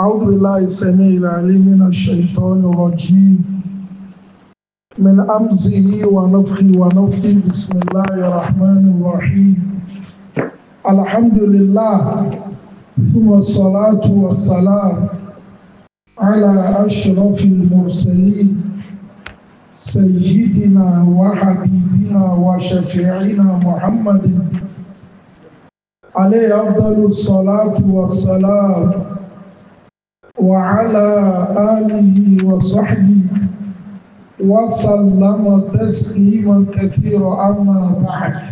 أعوذ بالله السميع العليم من الشيطان الرجيم من أمزه ونفخه ونفخه بسم الله الرحمن الرحيم الحمد لله ثم الصلاة والسلام على أشرف المرسلين سيدنا وحبيبنا وشفيعنا محمد عليه أفضل الصلاة والسلام وعلى آله وصحبه وسلم تسليما كثيرا أما بعد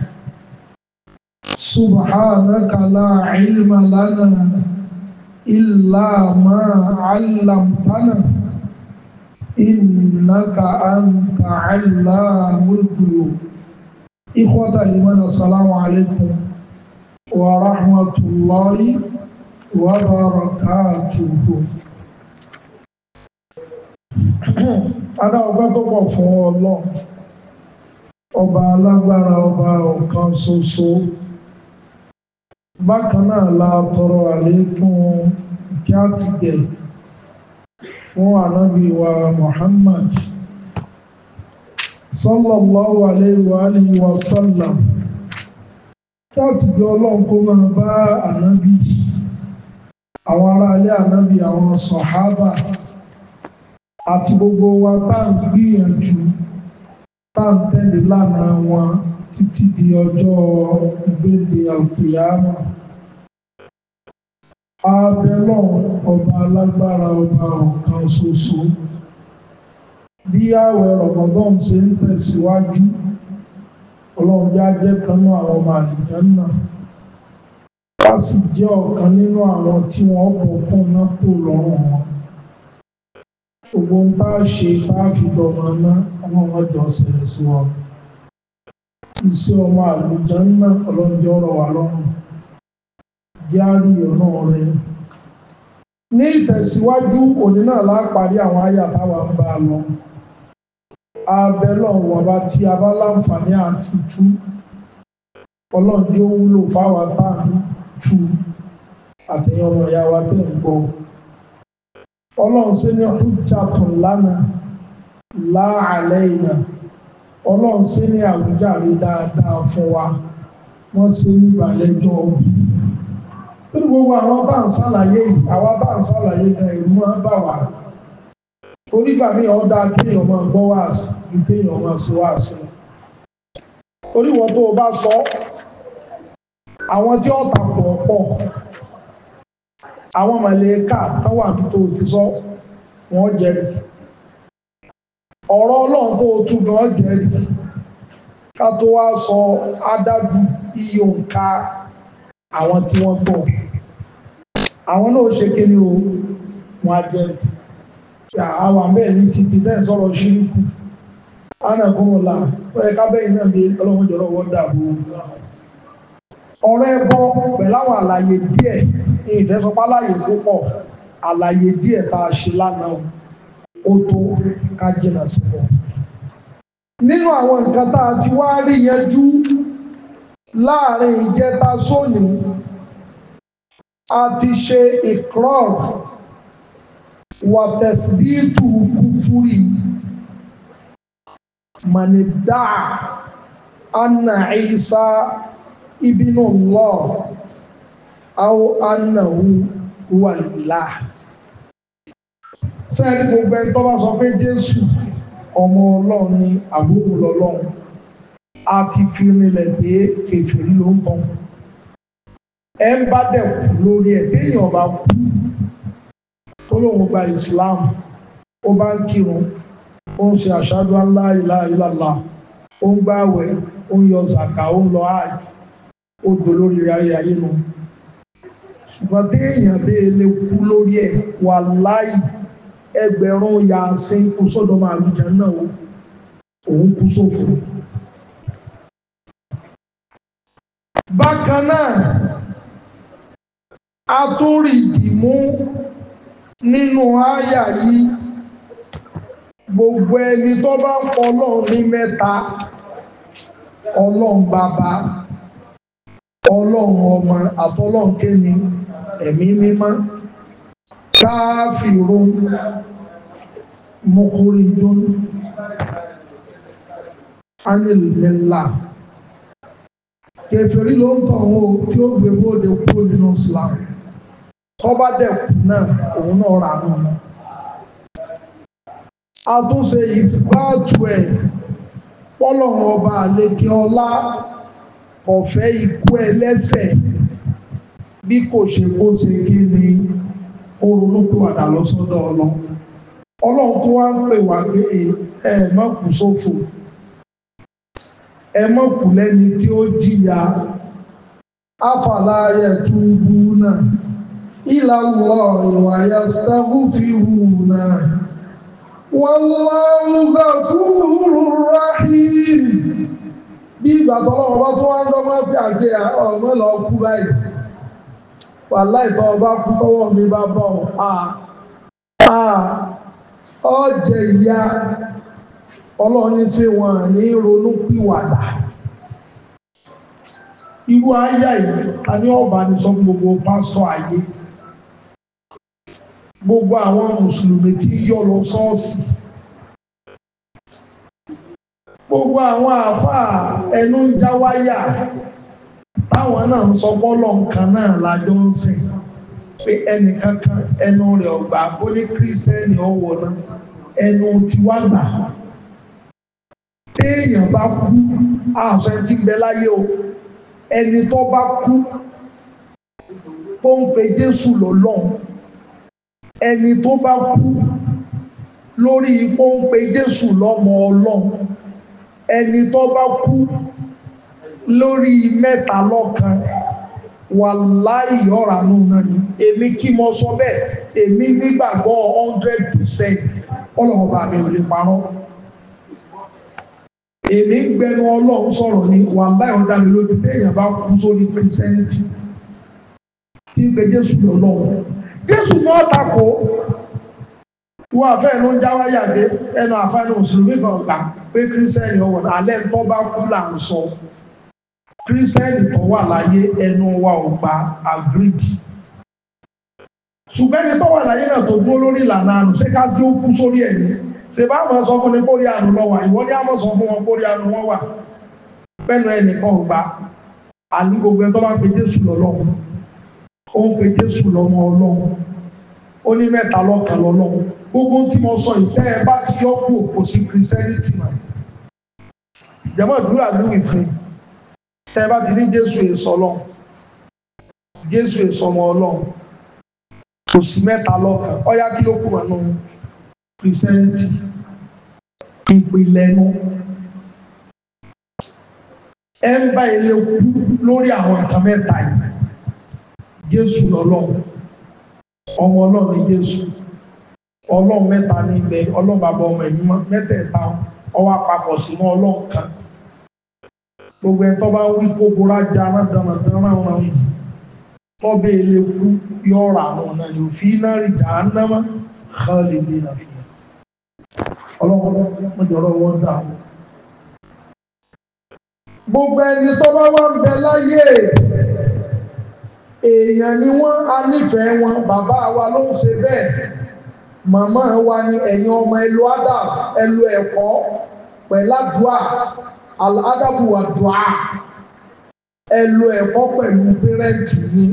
سبحانك لا علم لنا إلا ما علمتنا إنك أنت علام الغيوب إخوة الإيمان السلام عليكم ورحمة الله wàbàràkàtùhù. Adá ọgbẹ́ tó pọ̀ fún Ọlọ́run, ọba alágbára ọba ọ̀kan ṣoṣo. Bákan náà la tọrọ àlékún ìkẹ́ àtìgẹ̀ fún ànábì wa Muhammad sallallahu alayhi wa alihi wa sallam. Táàtìgẹ̀ Ọlọ́run kó máa bá àwọn ará ilé ànábì àwọn sọ̀hábà àti gbogbo wa tá à ń gbìyànjú tá à ń tẹ̀lé lánàá wọn títí di ọjọ́ ìgbéde àkùyàmà abẹ́lọ́ ọba alágbára ọba ọ̀kan ṣoṣo bí ààwẹ̀ Ramadan ṣe ń tẹ̀síwájú ọlọ́run jẹ́ ajẹ́ àwọn ọmọ àlùjànnà náà wá sì jẹ́ ọ̀kan nínú àwọn tí wọ́n bọ̀kún náà kò lọ́rùn wọn gbogbo ń bá ṣe bá fi dọ̀mọ ná ọmọ wọn jọ ṣẹlẹ̀ sí wa iṣẹ́ ọmọ àlùjá ńlá ọlọ́njọ́ ọ̀rọ̀ wa lọ́rùn járí ọ̀nà rẹ ní ìtẹ̀síwájú òní náà láparí àwọn àyà táwa ń bá a lọ abẹ́lọ̀ wọ̀nba tí a bá láǹfààní àti tú ọlọ́njọ́ wúlò fáwa táà ń ju àtẹ̀yìn ọmọ ìyá wa ń gbọ́. ọlọ́run ṣe ní hujjatun lana la alayna ọlọ́run ṣe ní àwùjáre dáadáa fún wa wọ́n ṣe ní ìbàlẹ́jọ́ gbogbo àwọn bá ń ṣàlàyé àwa bá ń ṣàlàyé náà ìlú ọ̀dà kéèyàn máa gbọ́ wáàsì ju kéèyàn máa ṣe tó o bá sọ àwọn tí pọ̀ àwọn màlẹ́kà táwọn àbútó ti sọ wọ́n jẹ́rìí ọ̀rọ̀ ọlọ́run kó o tún gan jẹ́rìí ká tó wá sọ adájú iye òǹkà àwọn tí wọ́n tọ̀ àwọn náà ṣe kíni o wọn á jẹ́rìí àwọn àbẹ́ẹ̀ ní sí ti bẹ́ẹ̀ sọ̀rọ̀ ṣíríkù ánà kó wọn là ó yẹ ká bẹ́ẹ̀ náà bí ọlọ́run jọ̀rọ̀ wọ́n dàbò ọ̀rọ̀ ẹbọ pẹ̀láwọn àlàyé díẹ̀ ìfẹsọpá láàyè púpọ̀ àlàyé díẹ̀ tá a ṣe lánàá ó tó ká jìnà síbẹ̀. nínú àwọn nǹkan tá a ti wá rí yẹjú láàrin ìjẹta sóní a ti ṣe ìkrọ́ọ̀ wàtẹ̀síbítù kúfúrì mànídà anna isa ibinu lọ aw anahu wàlìlá sẹ́ẹ̀dì gbogbo ẹni tó bá sọ pé jésù ọmọ ọlọ́run ni àbúrò lọ́lọ́run a ti fi rinlẹ̀ pé kèfèrí ló ń bọ̀ ẹ ń bá dẹ̀ lórí ẹ̀ téèyàn bá kú tó lóun gba islam ó bá ń kírun ó ń ṣe àṣàdúrà ńlá ìlà ìlàlà ó ń gbààwẹ̀ ó ń yọ zàkà ó ń lọ àjù ó dolórí ayé ayé nu ṣùgbọ́n téèyàn bẹ́ ẹ lè kú lórí ẹ̀ wà láì ẹgbẹ̀rún yàásín kú sọ́dọ̀ máa lù jẹ́ náà òun kú sófò. bákan náà a tún rí ìdìmú nínú àyà yìí gbogbo ẹni tó bá ń pọ̀ ọlọ́run ní mẹ́ta ọlọ́run bàbá ọlọ́run ọmọ àtọ́lọ́run kéni ẹ̀mí mímọ́ káfírun mukuridun anilmila kẹfẹ́rí ló ń tọ̀ tí ó gbé bóde kúrò nínú Islam dẹ̀kù náà òun náà rà nù wọn. àtúnṣe ìfipá tù pọ́lọ́run ọba àlekè ọlá. ọ̀fẹ́ ikú ẹlẹ́sẹ̀ bí kò ṣe kó ṣe kí ni ó ronúpìwàdà lọ sọ́dọ̀ ọlọ́ ọlọ́run tó wá ń pè wá pé ẹ má kú sófò ẹ má kú lẹ́ni tí ó jìyà afàlàyé túbú náà ìlàlọ́ ìwà yasahu fi hù náà wàlláhu ghafurur rahim bí ìgbà tó lọ́wọ́ bá tó wá ń dọ́gbọ́n fi àgbé ọ̀gbọ́n lọ kú báyìí wà láìpẹ́ ọba kú tọ́wọ́ mi bá bọ̀ à à ọ̀jẹ̀ ìyá ọlọ́ọ̀ni ṣe wọ́n ní ronú pìwàdà irú ayá yìí ta ní ọba ní sọ gbogbo pásọ ayé gbogbo àwọn mùsùlùmí tí yọ lọ sọ́ọ̀sì gbogbo àwọn àáfàá ẹnu ń já wáyà táwọn náà ń sọ bọ́lọ̀ nǹkan náà lájọ ń sìn pé ẹnìkankan ẹnu rẹ̀ ọ̀gbà bó ní kírísítẹ́nì ọ̀wọ̀ náà ẹnu ti wá gbà téèyàn bá kú àṣọ ẹni tí láyé o ẹni tó bá kú tó ń pe Jésù lọ́lọ́run ẹni tó bá kú lórí ipò ń pe Jésù lọ́mọ Ọlọ́run ẹni tó bá kú lórí mẹ́ta lọ́kan wà láì ọ̀rà nù náà ni èmi kí mo sọ bẹ́ẹ̀ èmi nígbàgbọ́ hundred percent ọlọ́run bá mi ò lè parọ́ èmi ń gbẹnu ọlọ́run sọ̀rọ̀ ni wà láì ọ̀dà mi lójú téèyàn bá kú sórí pẹ́sẹ́ǹtì tí ń pe jésù lọ́lọ́run jésù náà takò wọ́n àfẹ́ ẹnu jáwáyà dé ẹnu àfẹ́ ẹnu mùsùlùmí kan gbà pé kírísítẹ́nì ọwọ́ alẹ́ tó bá kú là ń sọ kírísítẹ́nì tó wà láyé ẹnu wa ò gba àgírídì ṣùgbẹ́ni tó wà láyé náà tó dúró lórí ìlànà àrùn ṣé ká sí ó kú sórí ẹ̀mí ṣe bá mọ̀ sọ fún ni kórí àrùn lọ wà ìwọ́n ní àmọ́ sọ fún wọn kórí àrùn wọn wà pẹ́nu ẹnìkan ò gba àní gbogbo ẹ̀ tó bá pe Jésù lọ́lọ́run ó ń pe Jésù lọ́mọ Ọlọ́run ó ní mẹ́ta lọ́kàn lọ́lọ́run gbogbo tí mo sọ ìtẹ́ ẹ bá ti yọ kú kò sí christianity mà jẹ́mọ̀ ìdúrà ní ìfún tẹ́ ẹ bá ti ní jésù èso ọlọ́run jésù èso ọmọ ọlọ́run kò sí mẹ́ta lọ́kàn ọ̀yá kí ló kù wà nù christianity ìpìlẹ̀ nù ẹ ń bá ilé kú lórí àwọn nǹkan mẹ́ta yìí jésù lọ́lọ́run ọmọ ọlọ́run ni jésù ọlọ́run mẹ́ta ní ilẹ̀ ọlọ́run bàbá ọmọ ẹ̀mí mẹ́tẹ̀ẹ̀ta ọwọ́ àpapọ̀ sínú ọlọ́run kan gbogbo ẹ̀ tó bá wí kó bora já rándanrandanran yìí tọ́bẹ̀ ilé kú yọ̀ọ̀rọ̀ àwọn ọ̀nà yóò fi iná rí jà á ná mọ́ kán lè lè nà fi hàn ọlọ́run mọ̀jọ̀rọ̀ wọn dà gbogbo ẹni tó bá wà ń bẹ láyé èèyàn ni wọ́n á nífẹ̀ẹ́ wọn bàbá wa ló ń ṣe bẹ́ẹ̀ màmá wa ni ẹ̀yin ọmọ ẹlú adam ẹlú ẹ̀kọ́ pẹ̀ládùá aládàbùwàdùá ẹlú ẹ̀kọ́ pẹ̀lú pẹ́rẹ́ǹtì yín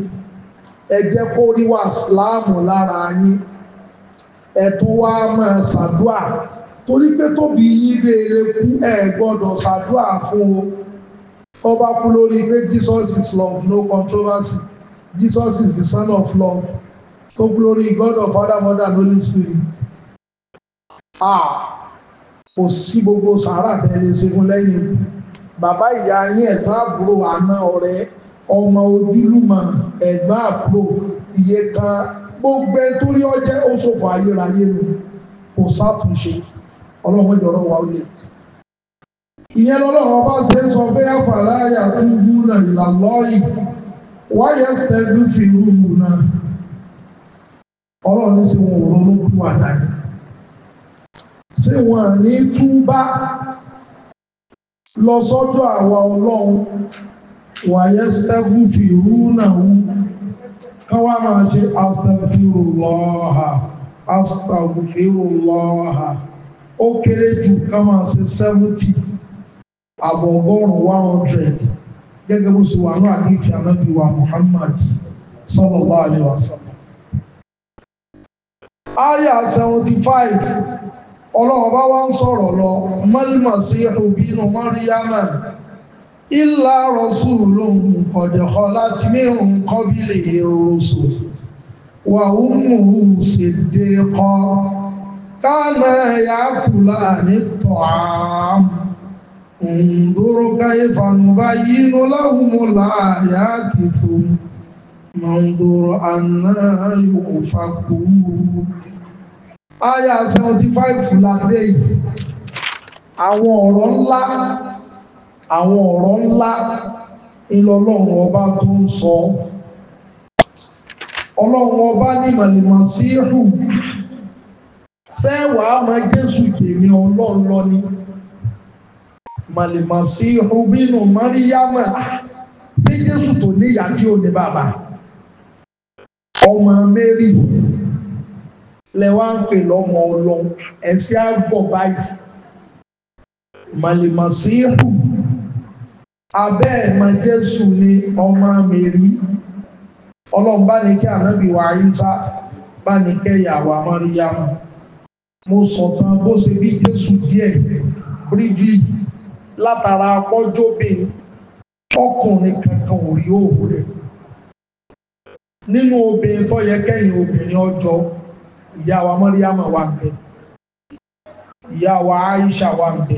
ẹ jẹ́ kó rí wa síláàmù lára yín ẹ̀tún wá máa ṣàdúà torí pé tóbi yín béèrè kú ẹ gbọ́dọ̀ ṣàdúà fún o ọba kú lórí pé Jesus is love no controversy Jesus is the son of love So glory God of Father, Mother, and Holy Spirit. Ah, kò sí gbogbo sàárà tẹ́lẹ̀ ṣẹ́gun lẹ́yìn. Bàbá ìyá yín ẹ̀gbọ́n àbúrò àná ọ̀rẹ́ ọmọ ojúlùmọ̀ ẹ̀gbọ́n àbúrò iye kan gbogbo ẹni tó rí ọjẹ́ ó ṣòfò ayérayé lò kò sátúnṣe ọlọ́run ìjọ̀rọ̀ wà ó lè. Ìyẹn lọ́lọ́run ọba ṣe ń sọ pé àfàlà àyà tó ń gún náà ìlàlọ́ọ̀yì wáyé ṣẹ́gun fi rúùmù náà ọlọ́run ní sí wọn ò ronú kú àdáyé ṣé wọn ní túbá lọ sọ́dọ̀ àwa ọlọ́run wàyẹ́ sẹ́kù fi rú náà wú kán máa ṣe astaghfirullah astaghfirullah ó kéré jù kán máa ṣe seventy àbọ̀gọ́rùn-ún one hundred gẹ́gẹ́ bó ṣe wà ní àdéhìí ànábì wa Muhammad sallallahu alaihi wasallam. àyà seventy five ọlọ́run bá wá ń sọ̀rọ̀ lọ mọ́límọ̀sí òbínú mọ́ríyámà ìlà rasulun qad khalat min qablihi rusul wa ummuhu siddiqa kana ya'kulani at-ta'am unzuru kayfa nubayyinu lahumul ayati thumma unzur anna yufakun. aya seventy five làdé yìí àwọn ọ̀rọ̀ ńlá àwọn ọ̀rọ̀ ńlá ìlọlọ́run ọba tó ń sọ ọlọ́run ọba ní màlìmọ́síhù sẹ́wàá máa jésù tèmi ọlọ́run lọ ni màlìmọ́síhù bínú mọ́ríyámà sí jésù tó níyà tí ó ní bàbá ọmọ mary lẹ wá ń pè lọ́mọ ọlọ́run ẹ̀sìn àgbọ̀ báyìí màlìmọ̀síhù abẹ́ ẹ̀mọ jésù ni ọmọ mi rí ọlọ́run bá ní kí ànábì wa ayíṣá bá ní kẹ́yàwó amáríyámù mo sọ̀tàn bó ṣe bí jésù díẹ̀ briefly látara pọ́jọ́bìn ọkùnrin kankan ò rí òwò nínú obìnrin tó yẹ kẹ́yìn obìnrin ọjọ́ ìyá wa mọ́ríyámà wà ń bẹ ìyá wa aisha wà ń bẹ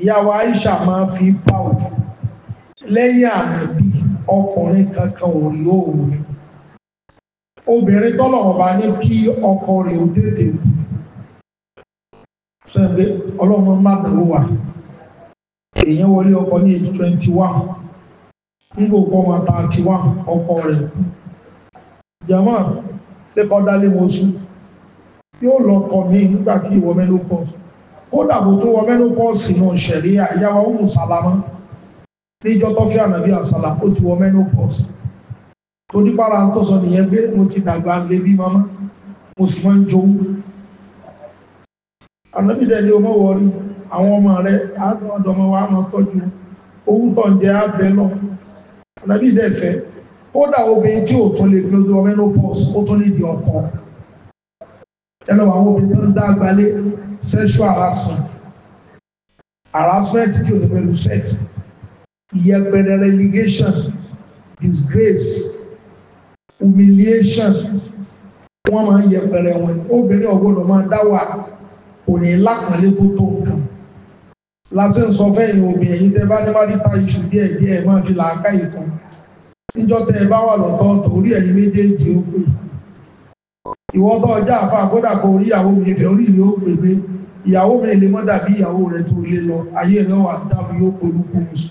ìyá wa aisha máa fi pa òjò lẹ́yìn àmì ọkùnrin kankan ò rí òòrùn obìnrin tọ́lọ̀wọ̀n bá ní kí ọkọ rẹ̀ ó tètè sẹ́gbẹ́ ọlọ́mọ mádàwó wà èèyàn wọlé ọkọ ní age twenty one nígbà òkú ọmọ thirty one ọkọ rẹ̀ jẹ̀mọ́ ṣé kọ́ dálé mo yóò lọ kọ̀ mí nígbà tí ìwọ menopause kódà bó tó wọ menopause náà ṣẹ̀rí àyàwó ọmọ sàlámà níjọ́ tó fi ànàbí àsàlà ó ti wọ menopause tó dípàrà tó sọ nìyẹn pé mo ti dàgbà ń lé bí mama mo sì máa ń jowú ànàbí dẹ̀ ni o mọ̀ wọ̀rí àwọn ọmọ rẹ̀ àádọ́mọ wa máa tọ́jú owó tó ń jẹ abẹ náà ànàbí dẹ̀ fẹ́ kódà obìnrin tí ò tún lè gbé ọmọ menopause ó tún lè di ọkọ ẹlọ́wọ́ àwọn obìnrin tó ń dá sexual harassment harassment tí o ní pẹ̀lú sex ìyẹpẹrẹ relegation disgrace humiliation wọ́n máa ń yẹpẹrẹ wọn obìnrin ọ̀gbọ́dọ̀ máa dáwà òní lápọ̀nlé tó tó nǹkan lásán sọ fẹ́yìn obìnrin yìí tẹ́ bá ní wá níta iṣu díẹ̀ díẹ̀ máa fi làákàyè kan níjọ́ tẹ́ ẹ bá wà lọ́tọ̀ọ̀tọ̀ orí ẹ̀yìn méjèèjì ó pè é. ìwọ́n bá ọjà àfa àkódà kò rí ìyàwó mi fẹ́ orí ìlú òpèpè ìyàwó mi lè mọ́ dàbí ìyàwó rẹ̀ tó lé lọ ayé rẹ̀ wà dábò yóò polúkú musu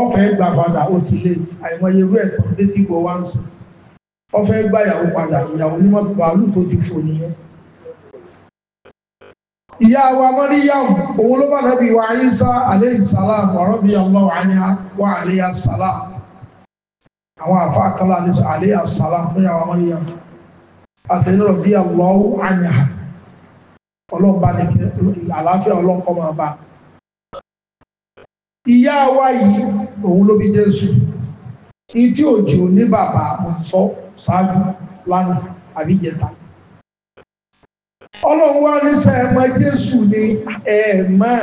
ọ̀fẹ́ gbà padà ó ti late àìmọye ẹ̀tọ́ létí gbọ́ wá ń sìn ọ̀fẹ́ ìyàwó padà ìyàwó tó ti fò nìyẹn. ìyá wa àtẹnudọ bí àwòrán àyàhà ọlọ́ọ̀bá ní àlàáfíà ọlọ́ọ̀kọ́ máa bá ìyá wa yìí òun ló bí Jésù ìtí òjò ní bàbá mo sọ ṣáájú lánàá àbí ìjẹta ọlọ́run wá ní sẹ́ ẹ̀mọ́ Jésù ní ẹ̀ẹ̀mọ́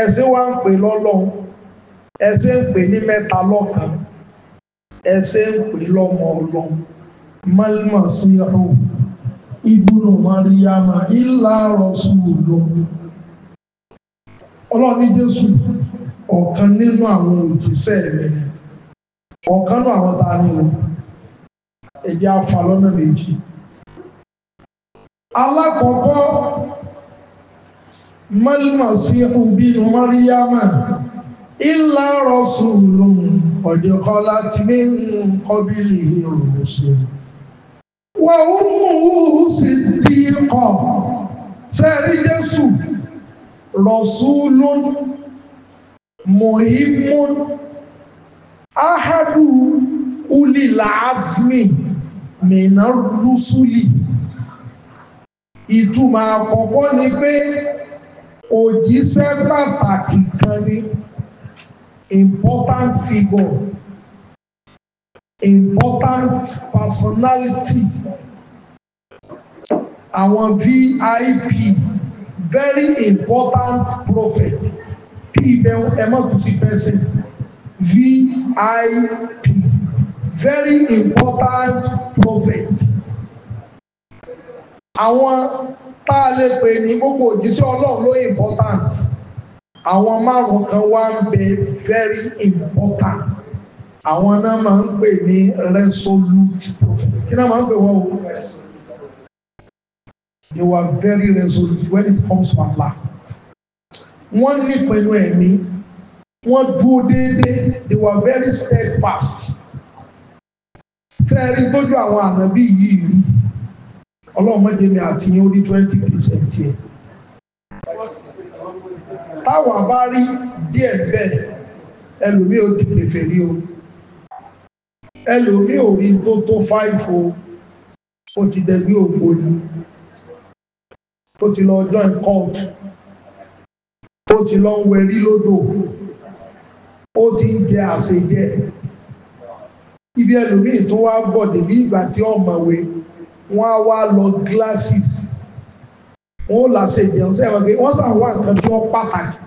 ẹ̀sìn wá ń pè lọ́lọ́run ẹ̀sìn ń pè ní mẹ́ta lọ́kan ẹ̀sìn ń pè lọ́mọ ọlọ́run malmasihu ibùnú mariama illa rọ̀ṣùlù ọlọ́ọ̀ni jésù ọ̀kan nínú àwọn òjíṣẹ́ rẹ̀ ọ̀kan nínú àwọn tá a ní o ẹ̀jẹ̀ afa lọ́nà méjì alákọ̀ọ́kọ́ malmasihu bínú mariama ilà rọ̀ṣùlù ọ̀dẹ̀kọ́lá tìmí ń kọ́bílì rọ̀ṣùlù wà ó mú òun sì di ikọ̀ sẹ́rí jésù rọ̀súlùn mọ̀hímún ahadu ulila azmi mina rusuli ìtumọ̀ àkọ́kọ́ ni pé òjíṣẹ́ pàtàkì kan ni important figure important personality àwọn VIP very important prophet p ibẹ̀rún ẹ má tún sí person VIP very important prophet àwọn tá a lè pè ní gbogbo òjíṣẹ́ ọlọ́run ló important àwọn márùn kan wá ń bẹ very important àwọn náà máa ń pè ní resolute prophet kí náà máa ń pè wọ́n o they were very resolute when it comes to Allah wọ́n ní pẹ̀lú ẹ̀mí wọ́n dúró déédéé they were very steadfast sẹ́ẹ̀rí tójú àwọn ànábì yìí rí ọlọ́mọdé mi àti yín ó ní twenty percent yẹn táwa bá rí díẹ̀ bẹ́ẹ̀ ẹlòmíì ó di pèfè rí o ẹlòmí ò rí tó tó fáìfò ó ti dẹ̀gbí ògbò ni ó ti lọ join cult ó ti lọ ń wẹrí lódò ó ti ń jẹ àṣejẹ ibi ẹlòmí tó wá bọ̀ débi ìgbà tí ọ̀mọ̀wé wọ́n á wá lọ glasses wọ́n ó làṣejẹun sẹ́wọ̀n pé wọ́n sàn wá nǹkan tí wọ́n pàtàkì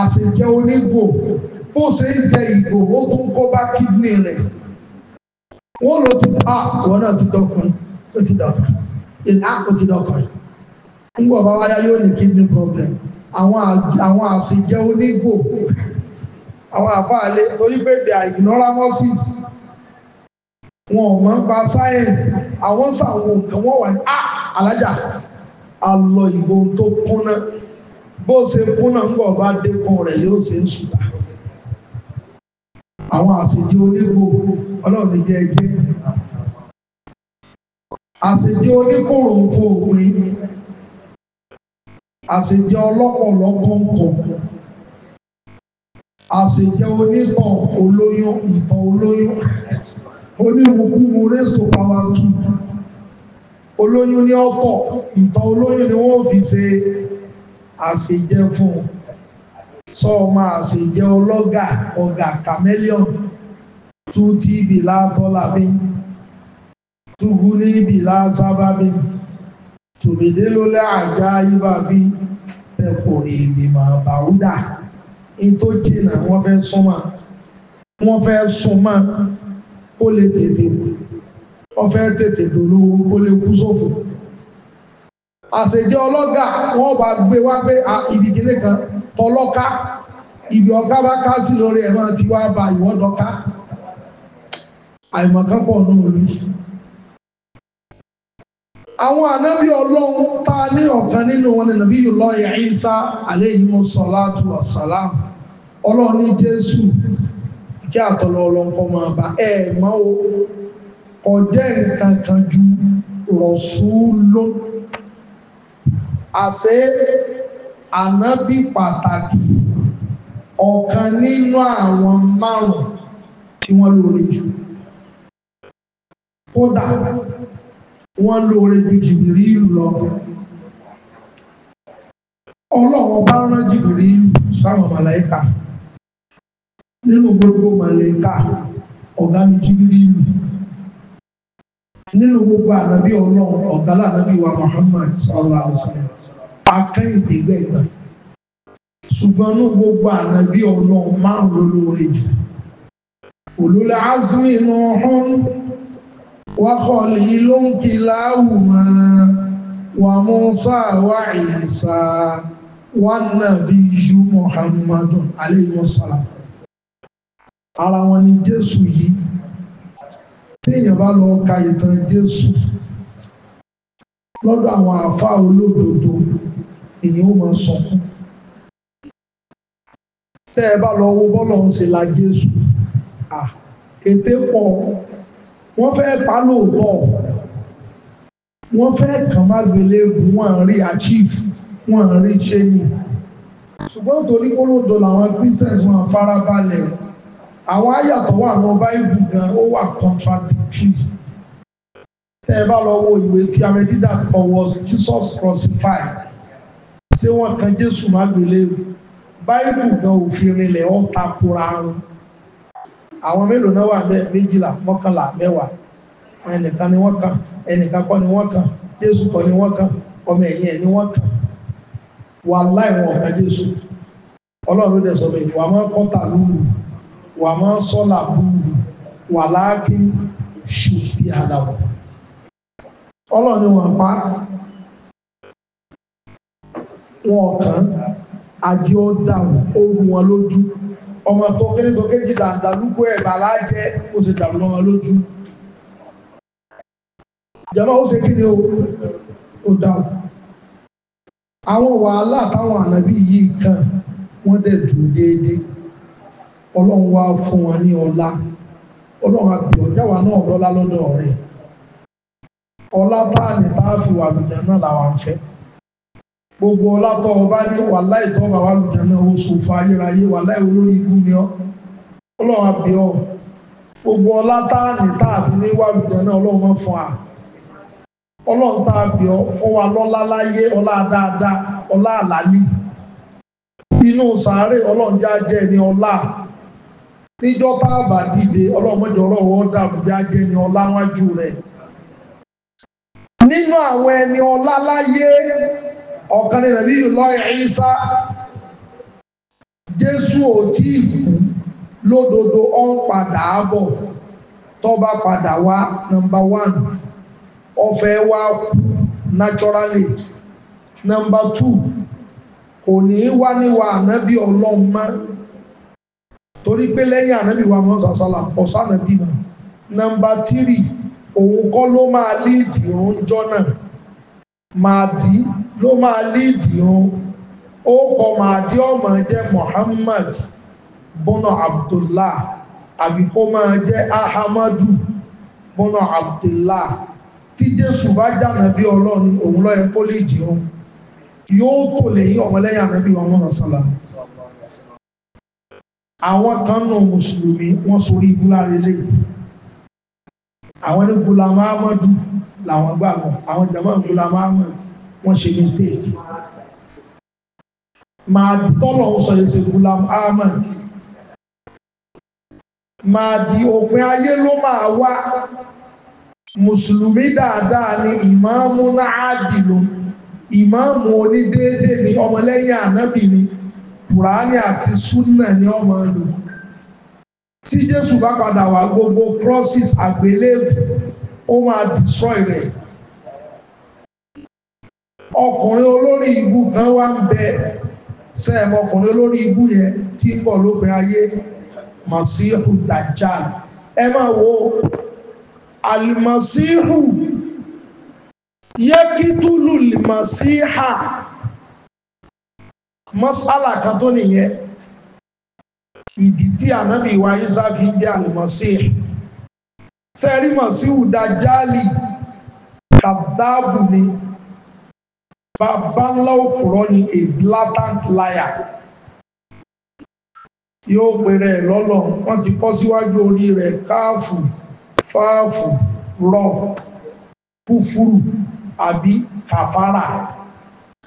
àṣejẹ onígbò bó ṣe ń jẹ ìgbò ó tún kó bá kídìnrín rẹ̀ wọ́n lọ ti dá àwọn náà ti ó ti dọ́kùnrin ìlà ó ti dọ́kùnrin ńgbọ̀ bá ní kidney problem àwọn àwọn jẹ onígbò àwọn àfáàlẹ́ torí pé they are ignoramuses wọn ò ń pa science àwọn sàwọn òkè wọn wà ní ah, alájà àlọ ìbò tó bó ṣe bá àwọn àṣejẹ onígbò ọlọ́run ní jẹ́ ẹjẹ́ àṣejẹ oníkòrò ń fò òpin àṣejẹ ọlọ́pọ̀lọpọ̀ ńkọ̀ àṣejẹ oníkọ̀ olóyún ìtọ̀ olóyún oníwòkúmu rẹ́sò pàwá tù olóyún ní ọkọ̀ ìtọ̀ olóyún ni wọ́n fi ṣe àṣejẹ fún un sọ máa ṣe jẹ́ ọlọ́gà ọ̀gà chameleon tú tí bìlá tọ́lábí túhú ní bìlá sábábí tòmìdé lólẹ́ àjá yíbàbí tẹkùnrin ìgbìmọ̀ bàúdà ní tó jìnà wọ́n fẹ́ súnmọ́ wọ́n fẹ́ súnmọ́ kó lè tètè wọ́n fẹ́ tètè dolówó kó lè kú sófò àṣejẹ́ ọlọ́gà wọ́n bá gbé wá pé ibi kìnnìkan tọlọka ibi ọ̀gá bá ká sí lórí ẹ̀ máa ti wá ba ìwọ́dọ̀ká àìmọ̀kan pọ̀ ní orí. àwọn ànábì ọlọ́run tá ní ọ̀kan nínú wọn nínú bí lọ Ìsá alayhi salatu wassalam ọlọ́run ní Jésù kí àtọ̀lọ́ ọlọ́run kọ́ máa bá ẹ̀ mọ́ o kọjẹ́ nǹkan kan ju rọ̀ṣúlò àṣẹ ànábì pàtàkì ọ̀kan nínú àwọn márùn tí wọ́n lóore jù kódà wọ́n lóore ju jìbìrí ìlú lọ ọlọ́wọ́ bá rán jìbìrí ìlú sáwọn màláìka nínú gbogbo màláìka ọ̀gá mi jìbìrí ìlú nínú gbogbo ànábì ọlọ́run ọ̀gá lànábì wa Muhammad sallallahu alaihi wa sallam akẹ́yìndé gbẹ̀gbà ṣùgbọ́n ní gbogbo ànábì ọlọ́run márùn lórí jù ulul azmi Nuhun wa Khalilun kilahuma wa Musa wa Isa wa nabiyyu Muhammadu alayhi salam ara wọn ni Jésù yìí téèyàn bá lọ ka ìtàn Jésù lọ́dọ̀ àwọn àfa olódodo èyí ó máa sọkún tẹ́ ẹ bá lọ wo bọ́lọ̀ ń ṣe la Jésù à pọ̀ wọ́n fẹ́ pa lóòótọ́ wọ́n fẹ́ kàn má gbélé wọ́n rí achieve wọ́n rí ṣe ni ṣùgbọ́n torí kólódò làwọn christians wọn farabalẹ̀ àwọn àyàtọ̀ wà lọ báyìí gan ó wà contradictory tẹ́ ẹ bá lọ wo ìwé tí amẹ́dídà kọ was Jesus crucified ṣé wọ́n kan Jésù má gbélé báyìbù gan òfin rinlẹ̀ ọ́ takora wọn àwọn mélòó náà wà bẹ́ẹ̀ méjìlá mọ́kànlá mẹ́wàá ẹnìkan ni wọ́n kan ẹnìkan kọ́ ni wọ́n kan Jésù kọ́ ni wọ́n kan ọmọ ẹ̀yìn ẹ̀ ni wọ́n kan wàláì wọn kan Jésù ọlọ́run ló dẹ̀ sọ pé wà máa kọ́ta lúlù wà máa sọ́là lúlù wà láàkín ṣùgbọ́n àdàwọ̀ ọlọ́run ni wọ́n pa á. wọn kàn ajé wọn lójú ọmọ tó kéré tó kéjì dàda lúkú ẹ̀ bàlá jẹ́ ó sì dàrú wọn lójú ìjọba ó ṣe kí ni ó dàrú àwọn wàhálà táwọn ànábì yìí kan wọ́n dẹ̀ dùn déédéé wá fún wọn ní ọlá náà fi wà náà làwọn gbogbo ọlátọ̀ ọba ní wàhálà ìtọ́ba wà lùdà náà oṣù sòfò ayérayé wàhálà olórí ikú ni ọ ọlọ́run gbogbo ọlátà náà ọlọ́run máa fún wa fún wa lọ́lá láyé ọlá dáadáa ọlá àlàní inú sàárè ọlọ́run jẹ́ ní ọlá N'íjọba bá ọ̀kan ní nàbí ìlú lọ́ọ̀ ìsá jésù ò tí ì kú lódodo ọ̀ ń padà bọ̀ tọ́ba padà wá nọmba one ọ̀fẹ́ wá kú naturally nọmba two kò ní í wá níwá ànábì ọlọ́run mọ́ torí pé lẹ́yìn ànábì wa mọ́ sàṣàlà ọ̀sán ànábì mọ́ nọmba tírì òun kọ́ ló máa líìdì òun jọ́nà máa dì í ló máa líìdì o ó kọ máa dí ọmọ jẹ́ Muhammad bọ́nà Abdullah àbí kó máa jẹ́ Ahamadu bọ́nà Abdullah tí Jésù bá jànà bí ọlọ́run òun lọ́yẹ kó líìdì o yóò tò lẹ́yìn ọmọlẹ́yìn ànábì wọn mọ́nà sọ́la àwọn kan náà mùsùlùmí wọ́n sórí ibùlá relé àwọn ní gulama làwọn gbàgbọ́ àwọn jama gulama wọ́n ṣe mistake máa tọ́lọ̀ ń sọ èsè gulam ahmed máa di òpin ayé ló máa wá mùsùlùmí dáadáa ni ìmáàmù náàdì ló ìmáàmù onídéédé ni ọmọlẹ́yìn ànábì ni kùránì àti súnà ni ọmọ lò tí jésù bá padà wá gbogbo crosses àgbélébù ó máa destroy rẹ̀ ọkùnrin olórí ibu kan wá ń bẹ sẹ́ẹ̀m ọkùnrin olórí ibu yẹn tí ń bọ̀ lópin ayé masihu dajjal ẹ máa wo alimasihu yẹ́kítúlù masiha masala kan tó nìyẹn ìdí tí ànábì wa Ìsá fi jẹ́ alimasihu sẹ́ẹ̀rí masihu dajjali kàdáàbù ni. bàbá ńlá ni a blatant liar yóò pè rẹ̀ lọ́lọ́ wọ́n ti kọ́ síwájú orí rẹ̀ káàfù fáàfù rọ̀ kúfúrù àbí kàfárà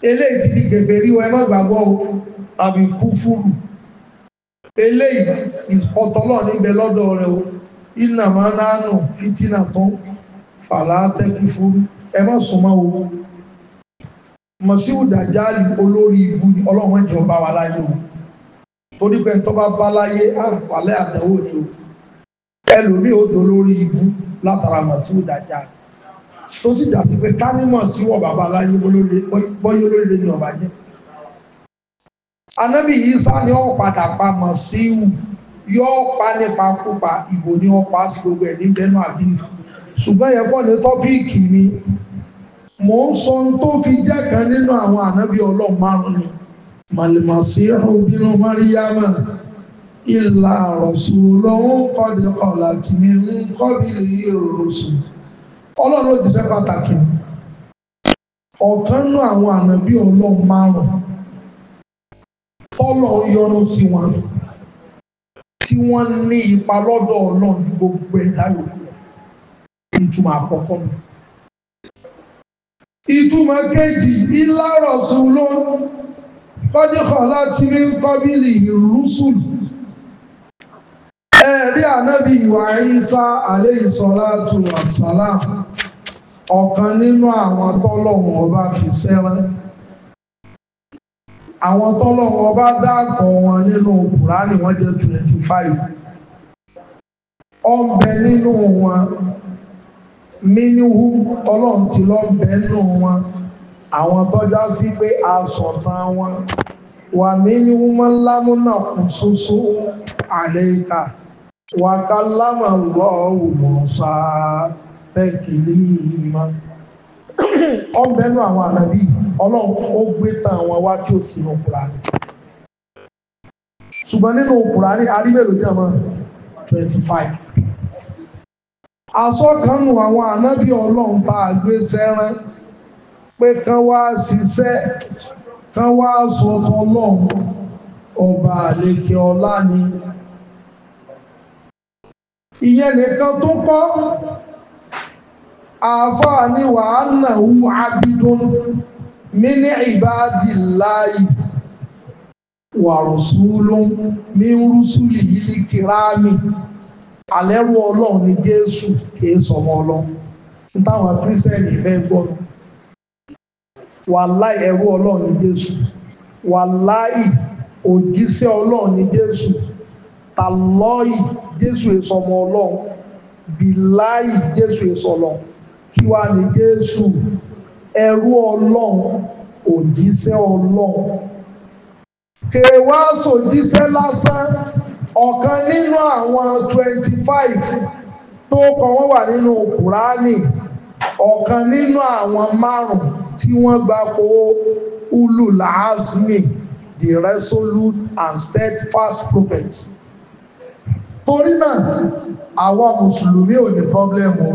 eléyìí ti di gẹ̀gẹ̀rí wọn ẹ má gbàgbọ́ tàbí kúfúrù eléyìí ìkọtọ́lọ́ níbẹ̀ lọ́dọ̀ rẹ̀ o iná máa ń nánú fítínà tán fàlà tẹ́kí ẹ má sùn owó mọ̀síwù dàjáàlì olórí ibu ni ọlọ́run ẹ̀jẹ̀ ọba wa láyé o torí pé tó bá bá láyé àpàlẹ́ àdánwò ni o ẹlòmíì ó do lórí ibu látara mọ̀síwù dàjáàlì tó sì dàbí pé ká ní mọ̀síwù ọba bá láyé bọ́yé olórí ni ọba jẹ́ anábì Ìsá ni ó padà pa mọ̀síwù yóò pa nípa kópa ìbò ni ó pa sí gbogbo ẹ̀ ní bẹ́ẹ̀ náà àbí ṣùgbọ́n yẹ ni tọ́píìkì mo ń sọ tó fi jẹ́ kan nínú àwọn ànábì ọlọ́run márùn ni màlìmọ̀síhù bínú máríyámà ìlà rasulun qad khalat min qablihi rusul ọlọ́run ó ti pàtàkì ọ̀kan nínú àwọn ànábì ọlọ́run márùn tọ́lọ̀ ń sí wọn tí wọ́n ní ipa lọ́dọ̀ ọlọ́run gbogbo ẹ̀dá ìtumọ̀ kejì ìlàrọ̀ sùlọ kọjíkọ̀ láti rí kọbílì ìrúsùn ẹ̀rí ànábì ìwà Ìsá àléìsọ́látù àsálà ọ̀kan nínú àwọn tọ́lọ́hun ọba fi sẹ́rán àwọn tọ́lọ́hun ọba dáàkọ̀ wọn nínú Kùránì wọ́n jẹ́ 25 ọ̀nbẹ nínú wọn míníhù ọlọ́run ti lọ bẹ́ nù wọn àwọn tọ́já sí pé a sọ̀tàn wọn wà míníhù máa ń lámú náà kù ṣoṣo àlẹ́ ìka wà ká lámà lọ́ òmùrọ̀sá tẹ́kìlì ìmọ̀ ọ̀bẹ nù àwọn ànábì ọlọ́run ó gbé tán àwọn wá tí ó asọ́kànnù àwọn ànábì ọlọ́run bá gbé sẹ́rán pé kán wá ṣiṣẹ́ kán wá sọ tọlọ́run ọba àlekè ọlá ni ìyẹn nìkan tó kọ́ àáfàá ni wàá nà wú abidun mí ní ìbádìláyì wàrùsùlùm mí ń rúsùlì yìí kìrámì àlẹ́rú ọlọ́run ni jésù kìí sọmọ ọlọ́run ní táwọn kírísítẹ́nì fẹ́ gbọ́nu wàláì ẹrú ọlọ́run ni jésù wàláì òjíṣẹ́ ọlọ́run ni jésù tàlọ́ì jésù èso ọmọ ọlọ́run bìláì jésù èso ọlọ́run kí wàá ní jésù ẹrú ọlọ́run òjíṣẹ́ ọlọ́run kèwàá sòjíṣẹ́ lásán ọ̀kan nínú àwọn twenty five tó kọ wọ́n wà nínú kùránì ọ̀kan nínú àwọn márùn tí wọ́n gbà pé ulu laasmi the resolute and steadfast prophets torí náà àwa mùsùlùmí ò ní problem o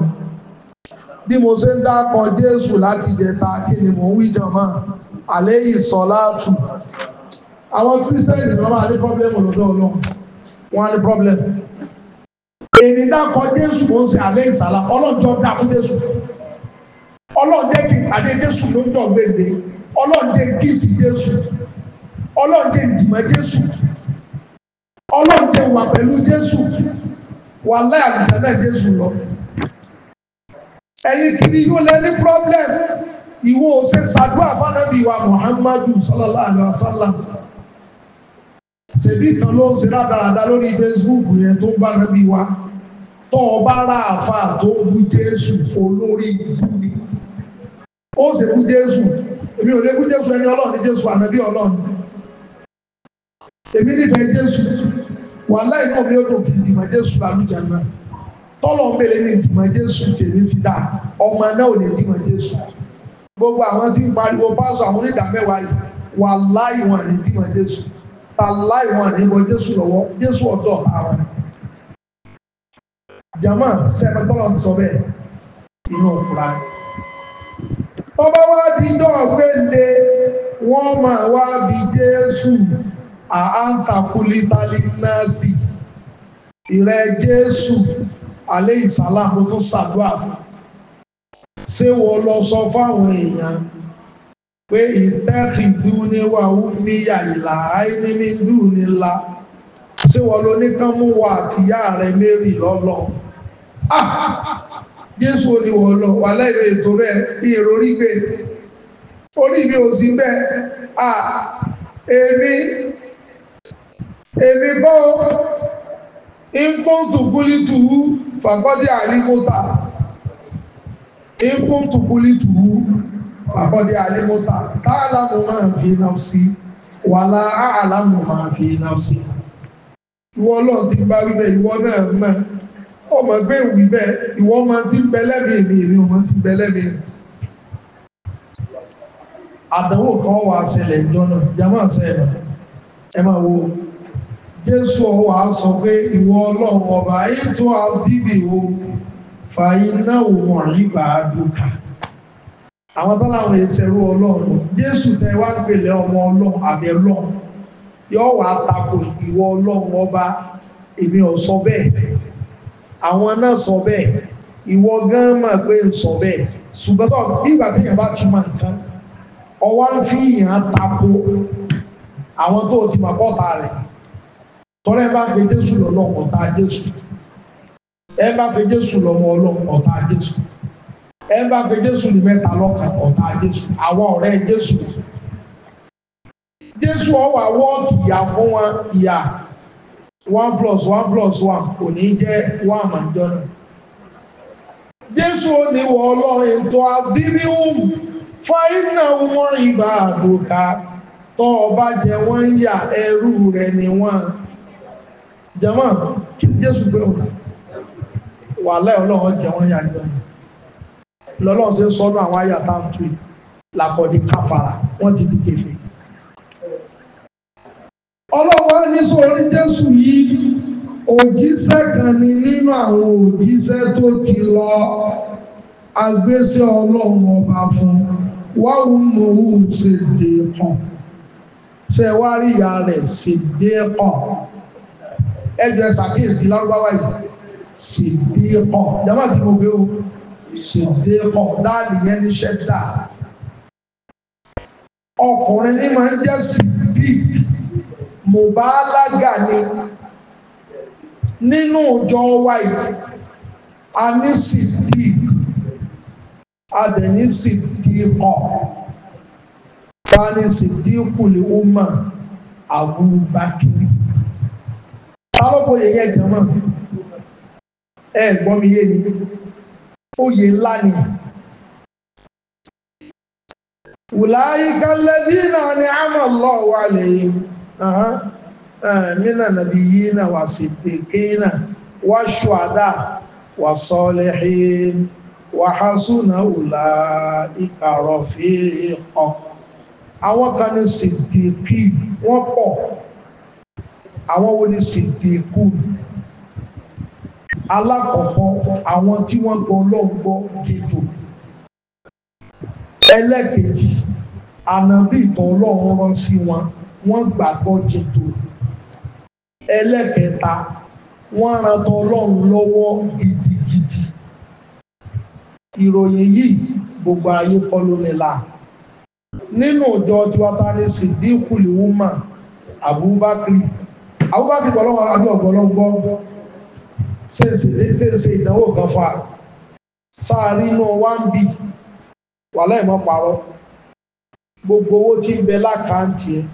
bí mo ṣe ń dákọ jésù láti jẹta kí ni mò ń wí jọmọ àléyìn sọláàtù àwọn kírísítẹ́nì ni wọ́n máa ní problem lọ́dọ̀ ọlọ́run wọ́n á ní problem. èmi dákọ jésù mò ń ṣe alẹ́ ìsàlá ọlọ́jọ́ dá fún jésù ọlọ́jẹ́ kí adé jésù ló ń dọ̀ gbèdé ọlọ́jẹ́ kìsì jésù ọlọ́jẹ́ ìdìmọ̀ jésù ọlọ́jẹ́ wà pẹ̀lú jésù wà láyà àgùntàn náà jésù lọ. ẹ̀yin kiri yóò lẹ ní problem ìwọ ò ṣe ṣàdúrà fún anábìwá muhammadu sallallahu alayhi wa sallam ṣèbí kan ló ń ṣe rádaràda lórí Facebook yẹn tó ń bá nàbí wa tó o bá rà àfa tó bú Jésù olórí búni ó ṣe bú Jésù èmi ò lè bú Jésù ẹni Ọlọ́run ní Jésù ànábì Ọlọ́run èmi nífẹ̀ẹ́ Jésù wàhálà ìkọ́ mi ó dùn kì í dìmọ̀ Jésù làlùjá náà tọ́lọ̀ ń bèrè ní ìdìmọ̀ Jésù tèmi ti dà ọmọ náà ò lè dìmọ̀ Jésù gbogbo àwọn tí ń pariwo pásọ àwọn onídàmẹ́wàá yìí wàhálà ìwọ̀n ní ìdìmọ̀ Jésù tàlá ìwọ̀n àníwọ̀ jésù lọ́wọ́ jésù ọ̀dọ́ àwọn. jama sẹ́mi tọ́lọ̀ ti sọ bẹ́ẹ̀ inú òkúra. tọ́ba wá di dọ́ọ̀gbẹ́ndé wọ́n máa wá bí jésù àántakùlítàlí náà sí ìrẹ́ jésù alẹ́ ìsàlámù tó ṣàdúrà fún. ṣé wọ́n lọ sọ fáwọn èèyàn pé ìtẹ́kìdú ní wà ó ní àyìnlá àìní ní dù nílá tí wọ́n ló ní kán mú wa àtìyá rẹ̀ mérì lọ́lọ́ jésù oníwọ̀ lọ wà lẹ́yìn ètò rẹ̀ bí èrò rí gbé orí mi ò sí bẹ́ẹ̀ à èmi èmi bọ́ nkóńtù kúlítù fàkọ́dí àríkóta nkóńtù kúlítù àkọ́dé alimota táàlámù máa fi nafsi wàlá àlámù máa fi nafsi. ìwọ ọlọ́run ti bá wíbẹ̀ ìwọ náà mọ̀ ọmọ gbé wíbẹ̀ ìwọ ọmọ ti ń bẹ lẹ́mìí mi èmi ọmọ ti ń bẹ lẹ́mìí mi. àdánwò kan wà ṣẹlẹ̀ ìjọ náà jàmọ́ ṣẹlẹ̀ ẹ máa wo jésù ọwọ́ à ń sọ pé ìwọ ọlọ́run ọba ètò àbíbí wo fàyínà òun ọ̀yìn bàá dùkà àwọn tó láwọn ìṣẹ̀rú ọlọ́run jésù tẹ wá gbèlè ọmọ ọlọ́run àbí ọlọ́run yóò wá tako ìwọ ọlọ́run ọba èmi ò sọ bẹ́ẹ̀ àwọn náà sọ bẹ́ẹ̀ ìwọ gan mọ̀ pé ń sọ bẹ́ẹ̀ ṣùgbọ́n sọ nígbà tí yẹn bá ti mọ nǹkan ọwọ́ ń fi yàn tako àwọn tó ti mọ̀ kọ́ta rẹ̀ tọ́lẹ́ bá pe jésù lọ́lọ́ ọ̀tá jésù ẹ bá pe jésù lọ́mọ ọlọ́run ọ̀tá jésù ẹ bá pe jésù ní mẹ́ta lọ́kàn ọ̀tá jésù àwọn ọ̀rẹ́ jésù jésù ọwọ́ àwọ́ọ̀kì ìyà fún wọn ìyà one plus one plus one kò ní jẹ́ one man jọ́nà jésù ní wọ ọlọ́run tó adíníhùn fáínà wọn ìbá àdókà tó ọba jẹ wọn ń yà ẹrú rẹ ni wọn jẹmọ kí jésù gbé wọn wà láì ọlọ́run jẹ wọn yà jọmọ lọ́lọ́run ṣe ń sọ́nù àwọn àyà tá à ń tu làkọ̀dé káfàrà wọ́n ti di kẹfẹ́. ọlọ́wọ́ ní sórí jésù yìí òjíṣẹ́ kan ni nínú àwọn òjíṣẹ́ tó ti lọ agbésẹ́ ọlọ́run ọba fún wáhùn mòhùn ṣe dé kan ṣe wá rí ìyá rẹ̀ ṣe dé kan ẹjọ́ ẹ ṣàkíyèsí lárúbáwá yìí ṣe dé kan jàmbá tí mo gbé o sìdékọ̀ dáàlì yẹn ní ṣẹ́dá ọkùnrin ní máa ń jẹ́ sìdí mùbálágà ni nínú ìjọ wa yìí a ní sìdí a dẹ̀ ní sìdíkọ̀ wọ́n ní sìdíkù lè ó mọ̀ àbúrúbákiri ta ló kó yẹ yẹ jẹ́ mọ́ ẹ gbọ́ mi yé mi oyè ńlá ni wùláyíká lẹ́dínà ni àmọ̀ lọ́wọ́ lè mínà nàbí yìí náà wà sí tèké náà wà ṣùwádà wà sọ́lẹ̀hìn wà hásùnà wùláyíká rọ̀fíìkọ̀ àwọn kan ní sìdìkì wọ́n pọ̀ àwọn wo ni sìdìkù ni alákọ̀ọ́kọ́ àwọn tí wọ́n gbọ́ ọlọ́run gbọ́ dídò ẹlẹ́kejì ànábì ìtọ́ ọlọ́run rán sí wọn wọ́n gbàgbọ́ dídò ẹlẹ́kẹta wọ́n ran tọ́ ọlọ́run lọ́wọ́ gidigidi ìròyìn yìí gbogbo ayé kọ́ ló nílà nínú ìjọ tiwa ta ni sìdíkù lìwúmà àbúbákiri àbúbákiri gbọ́lọ́wọ́ adúgbò gbọ́lọ́wọ́ gbọ́ ṣèṣe ìdánwò kan fa sáàrin inú one b wà láìmọ́ parọ́ gbogbo owó tí ń bẹ lákàntì ẹ̀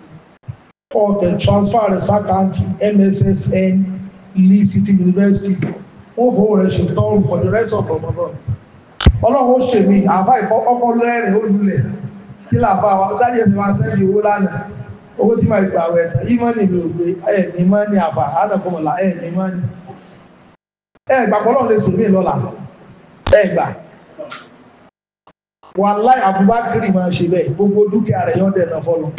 ọ̀tẹ̀ transfer rẹ̀ sákàntì MSSN Lee City University wọ́n fowó rẹ̀ ṣe tọ́rù for the rest of Ramadan ọlọ́run ó ṣe mí àbá ìkọ́kọ́ lẹ́rìn ó lulẹ̀ kí làbá wa dájú ẹ̀sìn máa sẹ́yìn owó lánàá owó tí máa gbà wẹ̀ tán ìmọ̀ ni mi ò gbé ẹ̀ ní mọ́ ní àbá àdàkùnmọ̀lá ẹ̀ ní mọ́ ní ẹ gbà pọ́lọ́ lè sùn mí lọ́la ẹ gbà wàláì Abubakar máa ṣe bẹ́ẹ̀ gbogbo dúkìá rẹ̀ yọ̀ọ́ dẹ̀nà fọlọ́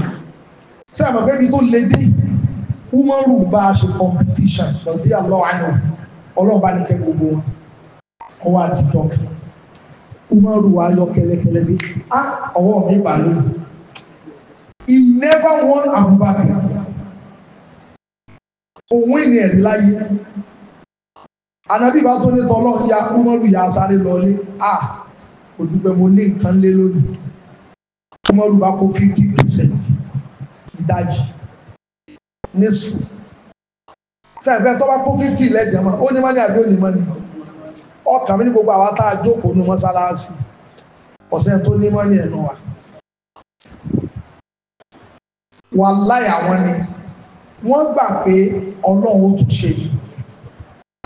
sí àmọ́ pé ibi tó le dé Umaru bá a ṣe competition lọ́dí àlọ́ àná ọlọ́ọ̀bá ní kẹ́ gbogbo wọn ọwọ́ àdìtọ́ Umaru wa yọ kẹlẹkẹlẹ bí a ọwọ́ mi bà lónìí he never won Abubakar òun ènìyàn láyé ànábì bá tó ní tọ́lọ́ ya kúmọ́lù ya sáré lọlé à òdùgbẹ́ mo ní nǹkan lé lónìí kúmọ́lù bá kó fifty percent ìdajì ní sùn sẹ́ẹ̀fẹ́ tó kó fifty lẹ́jẹ̀ mọ́ ó ní mọ́ni àbí ó ní mọ́ni ọkàn mi ní gbogbo àwa tá a jókòó ní mọ́sálásí ọ̀sẹ̀ tó ní mọ́ni ẹ̀nu wa wàláì àwọn ni wọ́n gbà pé ọlọ́run ó tún ṣe yìí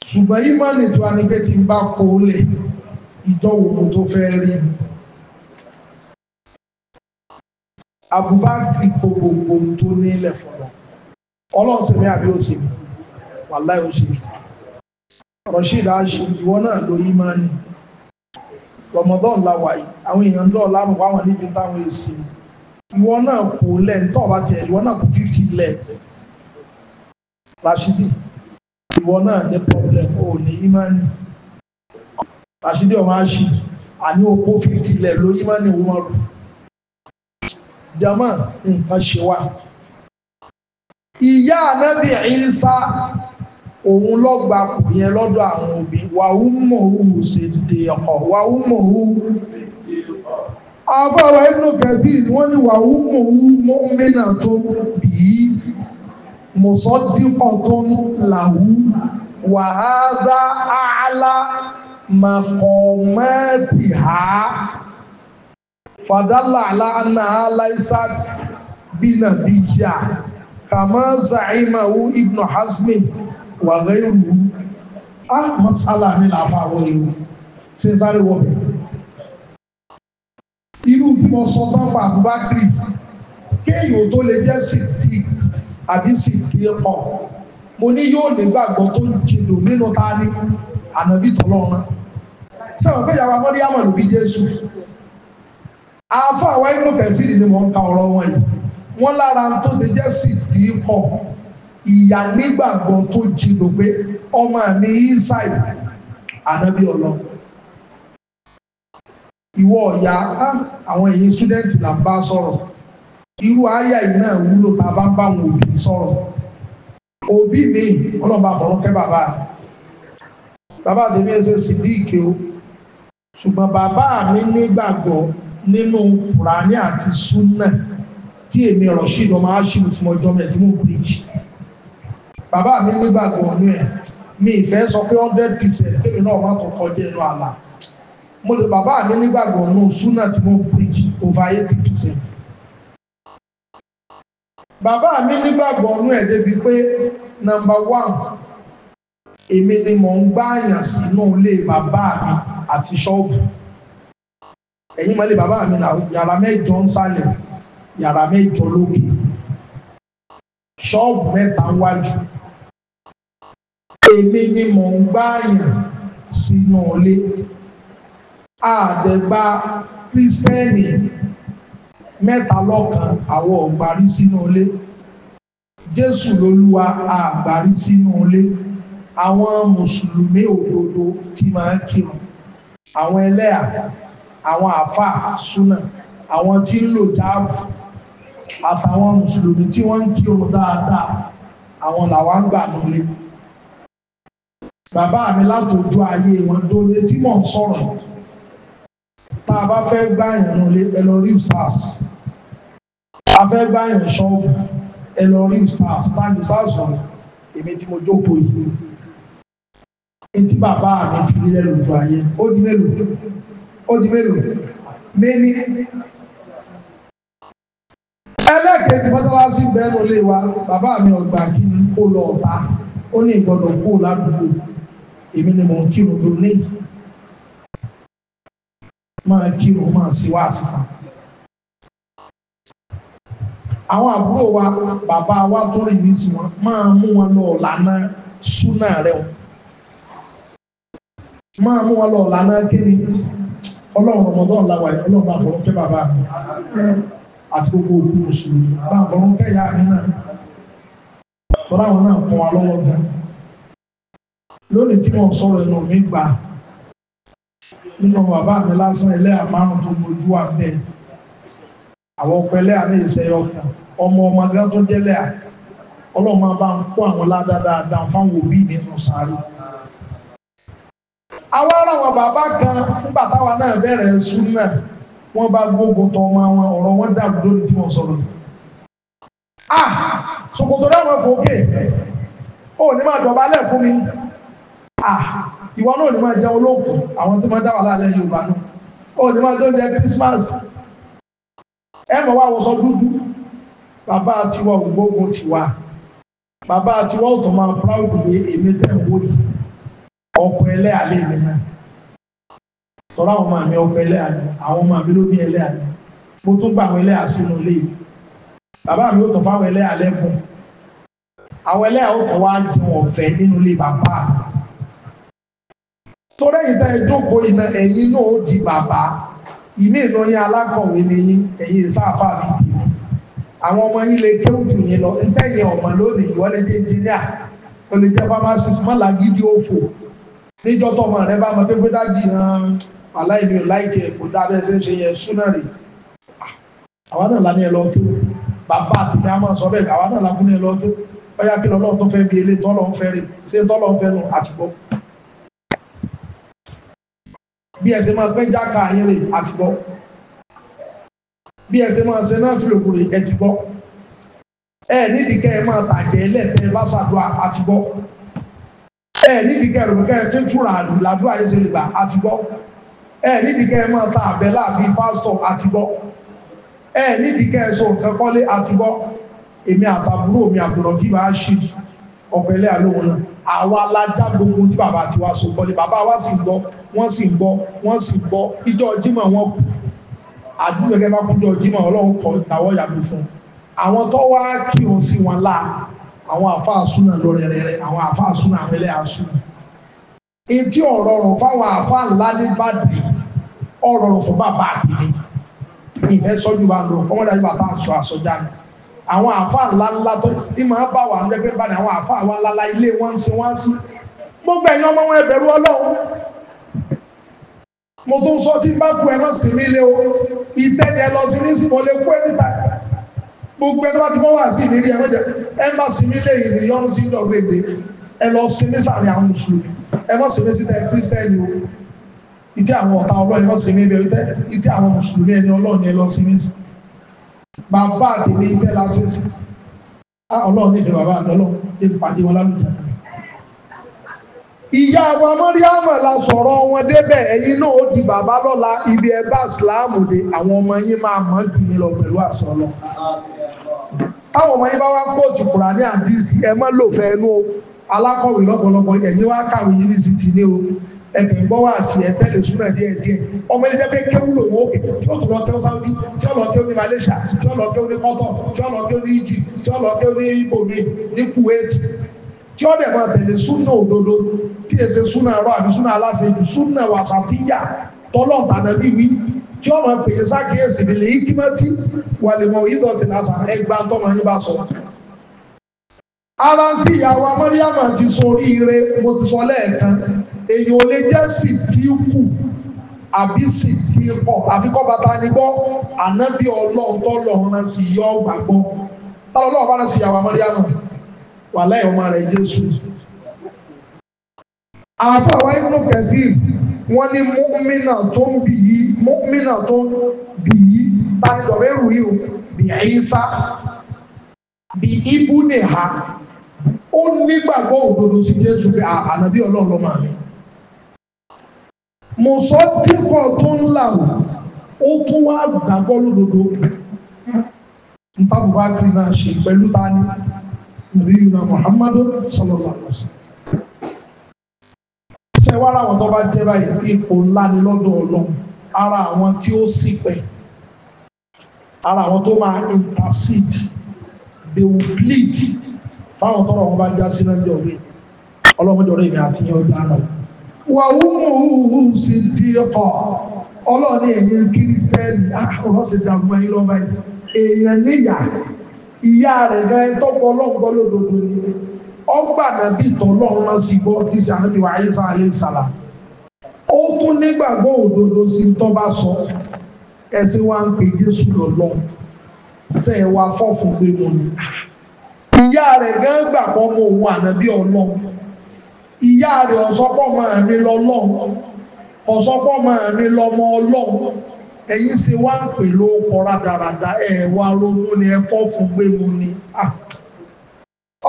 ṣùgbọ́n ìmọ̀lẹ̀ tó wà ní pé tí ń bá kó lẹ̀ tó fẹ́ rí mi. Abubakar kò gbogbo tó nílẹ̀ ọlọ́sìn àbí jù Rashid ìwọ náà ló yí máa Ramadan yìí àwọn èèyàn lánàá wà wọn níbi táwọn èsì ìwọ náà kò tiẹ̀ ìwọ náà kò ìwọ náà ní problem ó ní ìmánì Rashidi ọmọ àṣì àní okó fifty lẹ̀ ló ìmánì wọn rò jama nǹkan ṣe wá ìyá anábì Ìsá òun lọ gba kù yẹn lọ́dọ̀ àwọn òbí wàhùnmọ̀hù ṣèdè ọkọ̀ wàhùnmọ̀hù afọwọ́ ibùdókẹ́ bíi wọ́n ní wàhùnmọ̀hù mọ́mínà tó bìí mùsọ́díkọ̀ tó ń làwú wàhádá àálá على ha fàdálà aláàánà aláìsàt bínà bíjà kàmá zàìmàwú ibnu hasmi wà gẹ́rù á masala mi làáfà wọlé o ṣe ń sáré wọlé irú tí mo sọ tán pa àbúbákiri kéèyàn tó lè jẹ́ sí kíkì àbí sì fi pọ̀ mo ní yóò nígbàgbọ́ tó jìnnà nínú ta ni ànábì tọ́lọ́run sẹ́wọ̀n pé yàrá mọ́rí àmọ̀ ló bí Jésù àáfà àwọn inú kẹfìrì ni wọ́n ka ọ̀rọ̀ wọn yìí wọ́n lára tó ti jẹ́ sì fi pọ̀ ìyá nígbàgbọ́ tó jìnnà pé ọmọ mi inside ànábì ọlọ́run ìwọ ọ̀yà ah, àwọn èyí student là ń bá sọ̀rọ̀ irú àyà yìí náà wúlò tá a bá ń bá àwọn òbí sọ̀rọ̀ òbí mi ọlọ́ba àfọ̀rún kẹ́ bàbá bàbá tèmi ẹsẹ̀ sì o ṣùgbọ́n bàbá mi nígbàgbọ́ nínú Kùránì àti súnà tí èmi Rashid ọmọ aṣíwò tí mo jọ mẹ́ tí mo bíríjì bàbá mi nígbàgbọ́ ọ̀nú ẹ̀ mi ìfẹ́ sọ pé hundred percent tèmi náà má tó kọjá ẹnu àlà mo lè bàbá mi nígbàgbọ́ ọ̀nú súnà tí mo bíríjì over eighty percent bàbá mi nígbàgbọ́ ọ̀nú ẹ̀ débi pé nọmba one èmi ni mò ń gbáàyàn sínú ilé bàbá mi àti ṣọ́ọ̀bù ẹ̀yìn mọ́lẹ̀ bàbá mi là yàrá mẹ́jọ ń sálẹ̀ yàrá mẹ́jọ lókè ṣọ́ọ̀bù mẹ́ta wájú èmi ni mò ń gbáàyàn sínú ilé àdẹ̀gbà kírísítẹ́nì mẹ́ta lọ́kan àwọn ògbárí sínú ilé jésù lolúwa àgbárí sínú ilé àwọn mùsùlùmí òdodo tí máa ń kírun àwọn ẹlẹ́à àwọn àáfàá súnà àwọn tí ń lò jáàbù àtàwọn mùsùlùmí tí wọ́n ń kírun dáadáa àwọn làwọn ń gbà nílé bàbá mi látòjú ayé wọn dólé tí mò ń sọ̀rọ̀ yìí tá a bá fẹ́ gbá yàn lé ẹ lọ rí stars a fẹ́ gbá yàn ṣọ́ọ̀bù ẹ lọ rí stars táàgì stars wọn èmi tí mo jókòó yìí etí bàbá mi fi lílẹ̀ lójú ayé ó di mélòó ó di mélòó méní ẹlẹ́kẹ̀ẹ́dì mọ́sálásí bẹ́ẹ̀ ló lé wa bàbá mi ọgbà kí n kó lọ ọ̀tá ó ní ìgbọ́dọ̀ kó ládùúgbò èmi ni mò ń kírun lónìí máa o máa ṣe àwọn àbúrò wa bàbá wa tó rìn ní tiwọn máa mú wọn lọ lànà súnà rẹ o máa mú wọn lọ lànà kíni yìí bá fọwọ́ bàbá mi àti gbogbo òkú mùsùlùmí bá fọwọ́ ìyá mi náà tọ́lá wọn náà kọ́ wa lọ́wọ́ gan lónìí tí wọ́n sọ̀rọ̀ mi gbà á. nínú bàbá mi lásán ẹlẹ́yà márùn tó gbojú wà bẹ́ẹ̀ àwọn ọkọ ẹlẹ́yà ní ìṣẹ́yọ kan ọmọ ọmọ gan tó jẹ́ lẹ́yà ọlọ́run máa bá ń kó àwọn ládáadáa fáwọn òbí nínú sáré àwọn aráwọ̀ bàbá kan nígbà táwa náà bẹ̀rẹ̀ sún náà wọ́n bá gbógun tọ ọmọ wọn ọ̀rọ̀ wọn dàrú lórí tí wọ́n sọ̀rọ̀ ah ṣòkòtò dáwọn fòókè ó ní máa dọ̀bálẹ̀ fún mi Ah, ìwọ náà ní máa jẹun olóògùn àwọn tí máa dá wà láàlẹ́ Yorùbá náà ó ní máa jẹun jẹ Christmas ẹ mọ̀ wá wọṣọ dúdú bàbá tiwa ògbógun tiwa bàbá tiwa ò tó máa proud pé èmi tẹ̀ ń wò yìí ọkọ̀ ẹlẹ́ àlẹ́ mi náà tọ́lá àwọn ọmọ mi ọkọ̀ ẹlẹ́ àlẹ́ àwọn ọmọ mi ló ní ẹlẹ́ àlẹ́ mo tún gbà àwọn ẹlẹ́ àsínú ilé yìí bàbá mi ò tó fáwọn ẹlẹ́ àlẹ́ gùn àwọn ẹlẹ́ àwọn tó wá jẹun ọ̀fẹ́ nínú ilé bàbá mi sọ́rọ́ ìdá ìjókòó iná ẹ̀yin náà ó di bàbá ìmí ìlọyìn alákọ̀wé ni yín ẹ̀yin ìsáfà mi àwọn ọmọ yín lè kéwù jù yín lọ ntẹ̀yìn ọmọ lónìí ìwọ lè jẹ́ engineer o lè jẹ́ pharmacist mọ́là gidi òfò níjọ́ tọmọ rẹ bá mọ pé pé dájú hàn aláìní láìkẹ kò dá bẹ́ẹ̀ ṣe ń ṣe yẹn súnà rè ah, àwa náà lámì ẹ lọ tó bàbá àtìmí àmọ́ sọ bẹ́ẹ̀ àwa náà lámì ẹ lọ tó ọyá kí lọ́lọ́ tó fẹ́ bí eléyìí tọ́lọ́ ń fẹ́ rè ṣé tọ́lọ́ ń fẹ́ nù àtìgbọ́ bí ẹsẹ̀ máa pẹ́ jáka ayẹ́rẹ́ àti gbọ́ bí ẹsẹ̀ máa ṣe náà fìlòkùnrin ẹ̀ ti gbọ́ ẹ nídìí kẹ́ ẹ máa tàjẹ́ ẹlẹ́tẹ̀ bá ṣàdúrà àti gbọ́ ẹ nídìí kẹ́ ẹ rògbò kẹ́ ẹ fi túra làdúrà yìí ṣe lè gbà àti gbọ́ ẹ nídìí kẹ́ ẹ máa ta àbẹ́là bíi pásítọ̀ àti gbọ́ ẹ nídìí kẹ́ ẹ sọ nǹkan kọ́lé àti gbọ́ èmi àtàbúrò mi àbùrọ̀ kí bá ṣì ọ̀pẹ̀lẹ́ àlóhùn náà àwọn alájá gbogbo tí bàbá ti wá so gbọ́ ni bàbá wa sì gbọ́ wọ́n sì gbọ́ wọ́n sì gbọ́ ìjọ jímọ̀ wọn kù àdìsẹ́gẹ́ bá kúndọ̀ jímọ̀ ọlọ́run kọ ìtàwọ́ yàgò fún àwọn tó wá kírun sí wọn lá àwọn àfáà súnà lọ rẹ̀rẹ̀rẹ̀ àwọn àfáà súnà àmẹ́lẹ́ àsùn etí ọ̀rọ̀ ọ̀rọ̀ fáwọn àfáà ńlá ní bàdìrì ọ̀rọ̀ ọ̀rọ̀ fún bàbá àtìlẹ́yìn ìfẹ́ sọ́jú bá lọ ọmọdé àjùbà bá ń sọ àsọjá ni àwọn àfa ńláńlá tó ìmọ̀ bá wà ń jẹ́pẹ́ bá ní àwọn àfa wa ńláńlá ilé wọn ń sin wọn ń sin gbogbo ẹ̀yin ọmọ wọn ẹ̀bẹ̀rù ọlọ́run mo tún sọ tí bá kú ẹ náà sí nílé o ìtẹ́ni ẹ lọ sí ní sí mo lè kú ẹni ta gbogbo ẹni bá ti kọ́ wà sí ìrírí ẹ lọ́jà ẹ má sí nílé ìrìn yọ́nù sí ìdọ̀gbẹ́ ìdè ẹ lọ sí ní sàmì àwọn mùsùlùmí ẹ má sí ní sí ní kírísítẹ́nì o ìtẹ́ àwọn ọ̀tá ọlọ́run ẹ má sí ní ibẹ̀ ìtẹ́ àwọn mùsùlùmí ẹni ọlọ́run sí ní sí bàbá àtẹ̀mí ibẹ̀ la ṣe sí ọlọ́run nífẹ̀ẹ́ bàbá àtọ́lọ́ ẹ pàdé wọn lálùjá. ìyá wa mọ́ríàmù la sọ̀rọ̀ wọn débẹ̀ ẹ̀yin náà ó di bàbá lọ́la ibi ẹ bá sìláàmù dé àwọn ọmọ yín máa mọ̀ ń dùn yín lọ pẹ̀lú àṣọ lọ. táwọn ọmọ yín bá wá kóòtù Kùránì àdìsí ẹ má lò fẹ́ ẹnu o alákọ̀wé lọ́pọ̀lọpọ̀ ẹ̀yin wá kàwé yunifásitì ní o ẹ̀kẹ́ gbọ́ wá sí ẹ̀ tẹ́lẹ̀ súnà díẹ̀ díẹ̀ ọmọ ẹni jẹ́ pé kéwù lòun òkè tí ó tún lọ kéwù Saudi tí ó lọ kéwù ní Malaysia tí ó lọ kéwù ní Qatar tí ó lọ kéwù ní Egypt tí ó lọ kéwù ní ibòmí ní Kuwait tí ó dẹ̀ máa tẹ̀lé súnà òdodo tí èsè súnà rọ àbí súnà aláṣẹ ìlú súnà wàsàtíyà tọ́lọ̀ tànàbí wí tí ó máa pèsè sákèésì nílé ikimati wàlẹ̀mọ̀ ìdọ̀tí lásán ẹgbàá tọ́mọ yín bá sọ ara tí ìyàwó amọ́ríyàmọ̀ fi sọ oríire mo ti sọ lẹ́ẹ̀kan èyàn ò lè jẹ́ sídìkù àbí sídìkù àfikọ́ bàtà ni gbọ́ ànábì ọlọ́run tó lọ́run náà sì yọ ọgbà gbọ́ tálọ́ ọlọ́run bá náà sì yàwó amọ́díyànà wà láì ọmọ rẹ̀ jésù. àfọ àwọn inú kẹfìn wọn ní mọ́mínà tó ń bì yí mọ́mínà tó ń bì yí tani dọ̀bẹ́ rù yìí o bí ẹ̀yíṣà bí ibú nìha ó nígbàgbọ́ òdodo sí jésù pé ànábì ọlọ́run lọ́mọ mi mùsọ̀ dínkọ̀ tó ń là wò ó tún wá gbàgbọ́ lódodo ntàbùbá kiri náà ṣe pẹ̀lú tani nàbí yunà muhammadu sallallahu alaihi wa sallam. sẹ́wárà àwọn tó bá jẹ́ báyìí ipò ńlá ni lọ́dọ̀ ọlọ́run ara àwọn tí ó sì pẹ̀ ara àwọn tó máa intercede they will plead fáwọn tọrọ wọn bá já sí náà jọ̀wé ọlọ́mọdé ọ̀rẹ́ mi àti yẹn ọjọ́ àná wà wúmùhùhù sì di ọkọ̀ ọlọ́ọ̀ni ẹ̀yẹ kírísítẹ́nì ah, ọlọ́ọ̀ sì dàgbà yín lọ́ba yìí èèyàn níyà ìyá rẹ̀ gan tọ́pọ̀ ọlọ́ọ̀gbọ́ lódodo ni ọgbà nàbí tọ́lọ́ọ̀rún náà sì gbọ́ tí sàmìtì wà ayé sàlẹ̀ sàlà ó tún nígbàgbọ́ òdodo sí tọ́ba sọ ẹsẹ̀ wa ń pè Jésù lọ́lọ́ sẹ́ ẹ wá fọ́ọ̀fù gbé mọ́ ni ah. ìyá rẹ̀ gan gbàgbọ́ mọ́ òun ànàbí ọlọ́ọ̀ ìyá rẹ̀ ọ̀sọ́pọ̀ máa mi lọ́lọ́run ọ̀sọ́pọ̀ máa mi lọ́mọ ọlọ́run ẹ̀yin ṣe wá ń pè ló kọ rádaràda ẹ̀ wá ronú ni ẹ fọ́ fún gbé mu ni.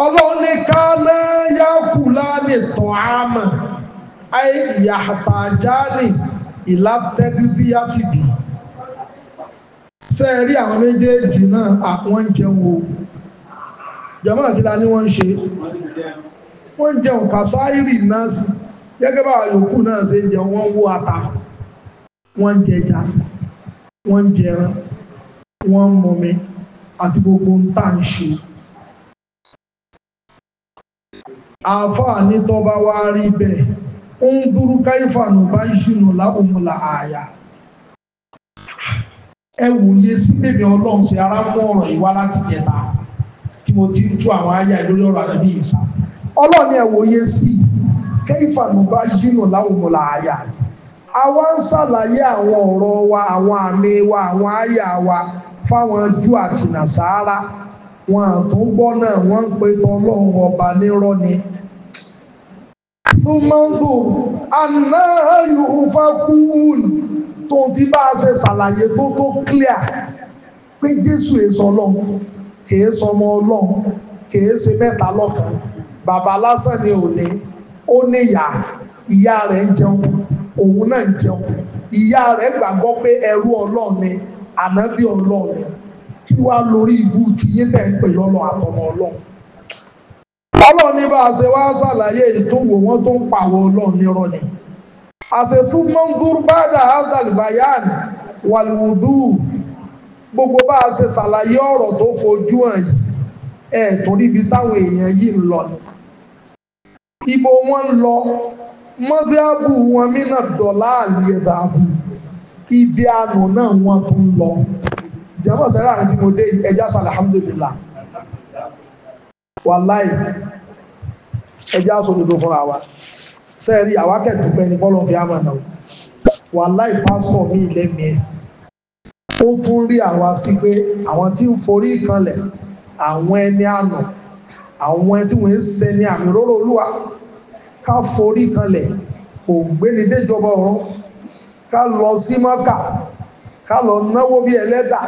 ọlọ́run ní ká lẹ́yà kù lálẹ́ tán àì ìyàtà jáde ìlàtẹ́gbíyà ti bì. ṣé àwọn méjèèjì náà àwọn jẹun o jẹ̀mọ́ àti la ni wọ́n ń ṣe wọ́n ń jẹun kàṣáìrì náà sí gẹ́gẹ́ bá yòókù náà ṣe ń jẹun wọ́n wó ata wọ́n ń jẹja wọ́n ń jẹran wọ́n ń mọmi àti gbogbo ń tà ń ṣe. àáfàá ní tọ́ba wá rí bẹ́ẹ̀ ó ń dúró káyífà nù bá ń ṣìnà láwùmọ̀lá àyà ẹ wòye sí bèbè ọlọ́run ṣe ara mú ọ̀rọ̀ ìwá láti jẹta tí mo ti ń tú àwọn àyà ìlú lọ́rọ̀ àdàbí ìsà ọlọ́ọ̀ni ẹ̀wòye sí kẹ́yìfà ló bá yínú láwùmọ̀lá àyà àwa ń ṣàlàyé àwọn ọ̀rọ̀ wa àwọn àmì wa àwọn àyà wa fáwọn jù àti nàṣàárà wọn àtún gbọ́ náà wọ́n ń pe ọlọ́run ọba nírọ́ ni. súnmọ́ńdù anáhàyò fakún tó ti bá a ṣe ṣàlàyé tó tó clear pé jésù èso ọlọ́run kì í sọmọ ọlọ́run kì í ṣe mẹ́ta lọ́kan bàbá lásán ni ò ní ó níyà ìyá rẹ̀ ń jẹun òun náà ń jẹun ìyá rẹ̀ gbàgbọ́ pé ẹrú ọlọ́run ni ànábì ọlọ́run ni kí wàá lórí ìbú tí yín tẹ̀ ń pè lọ́lọ́ àtọmọ ọlọ́run. ọlọ́run ní bá a ṣe wá ṣàlàyé ìtúwò wọn tó ń pàwọ́ ọlọ́run nírọ̀ ni. àṣẹ̀fún bá dà áńdàlùbáyàn wàlúwùdú gbogbo bá a ṣe ṣàlàyé ọ̀rọ̀ tó fojú hàn yìí ẹ̀ torí ibi táwọn èèyàn yìí ń lọ ni ibo wọn lọ lọ abu wọn mínà dọ̀là abu ibi àná náà wọn tún ń lọ jẹ́mọ̀ sẹ́rẹ́ àrùn tí mo dé ẹjá sọ alhamdulillah wàláì ẹja sọ dodo fúnra wa sẹ́ẹ̀rí àwákẹ́dùpẹ́ ní bọ́lọ̀ fi àmà náà wàláì pásítọ̀ mi ó tún rí àwa sí pé àwọn tí ń forí àwọn ẹni àná àwọn ẹni tí wọ́n ká forí kanlẹ̀ kò gbéni déjọba ọ̀run ká lọ sí mọ́kà ká lọ náwó bí ẹlẹ́dà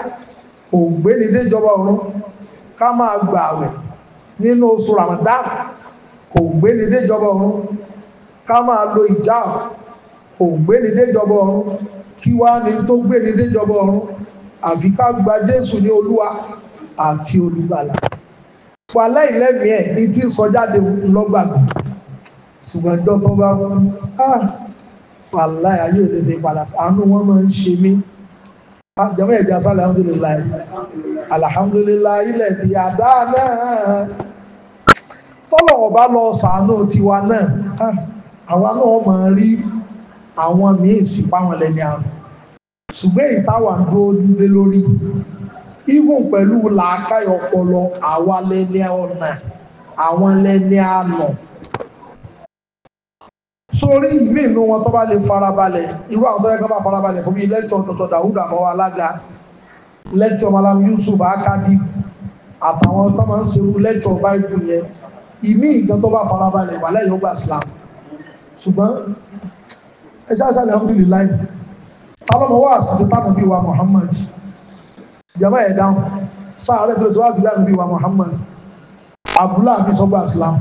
kò gbéni déjọba ọ̀run ká máa gbà àwẹ̀ nínú oṣù Ramadan kò gbéni déjọba ọ̀run ká máa lo ìjáàb kò gbéni déjọba ọ̀run kí wá ni tó gbéni déjọba ọ̀run àfi ká gba Jésù ní Olúwa àti ìlẹ́mìí ẹ̀ ní tí ń sọ jáde ṣùgbọ́n ẹjọ́ tó bá wọ́n ah pàlá ayé ò lè ṣe padà àánú wọn máa ń ṣe mí ah, jẹ́mọ́ ẹ̀jẹ̀ asọ́ alhamdulilayi alhamdulilayi ilẹ̀ di àdá náà tọ́lọ̀ ọba lọ sàánú tiwa náà ah, àwa náà máa rí àwọn míì sì páwọn lẹ́ni àrùn ṣùgbọ́n ìtawà dúró lé lórí even pẹ̀lú làákàyọ̀ ọpọlọ àwa lẹ́ni ọ̀nà àwọn lẹ́ni àná sórí ìmí inú wọn tó bá lè farabalẹ̀ irú àwọn tó yẹ kán bá farabalẹ̀ fún bí lẹ́tọ̀ dr dawuda mọ́ alága lẹ́tọ̀ malam yusuf akadi àtàwọn tó máa ń serú lẹ́tọ̀ báìbù yẹn ìmí nǹkan tó bá farabalẹ̀ wà lẹ́yìn ọgbà islam ṣùgbọ́n ẹ ṣáṣá lè hàmdùlì láì tálọ́mọ wá àṣìṣe tánà bíi wa muhammad jama ẹ̀ dáhùn sáà rẹ̀ tó lè sọ wá sí lánàá bíi wa muhammad abdullahi sọgbà islam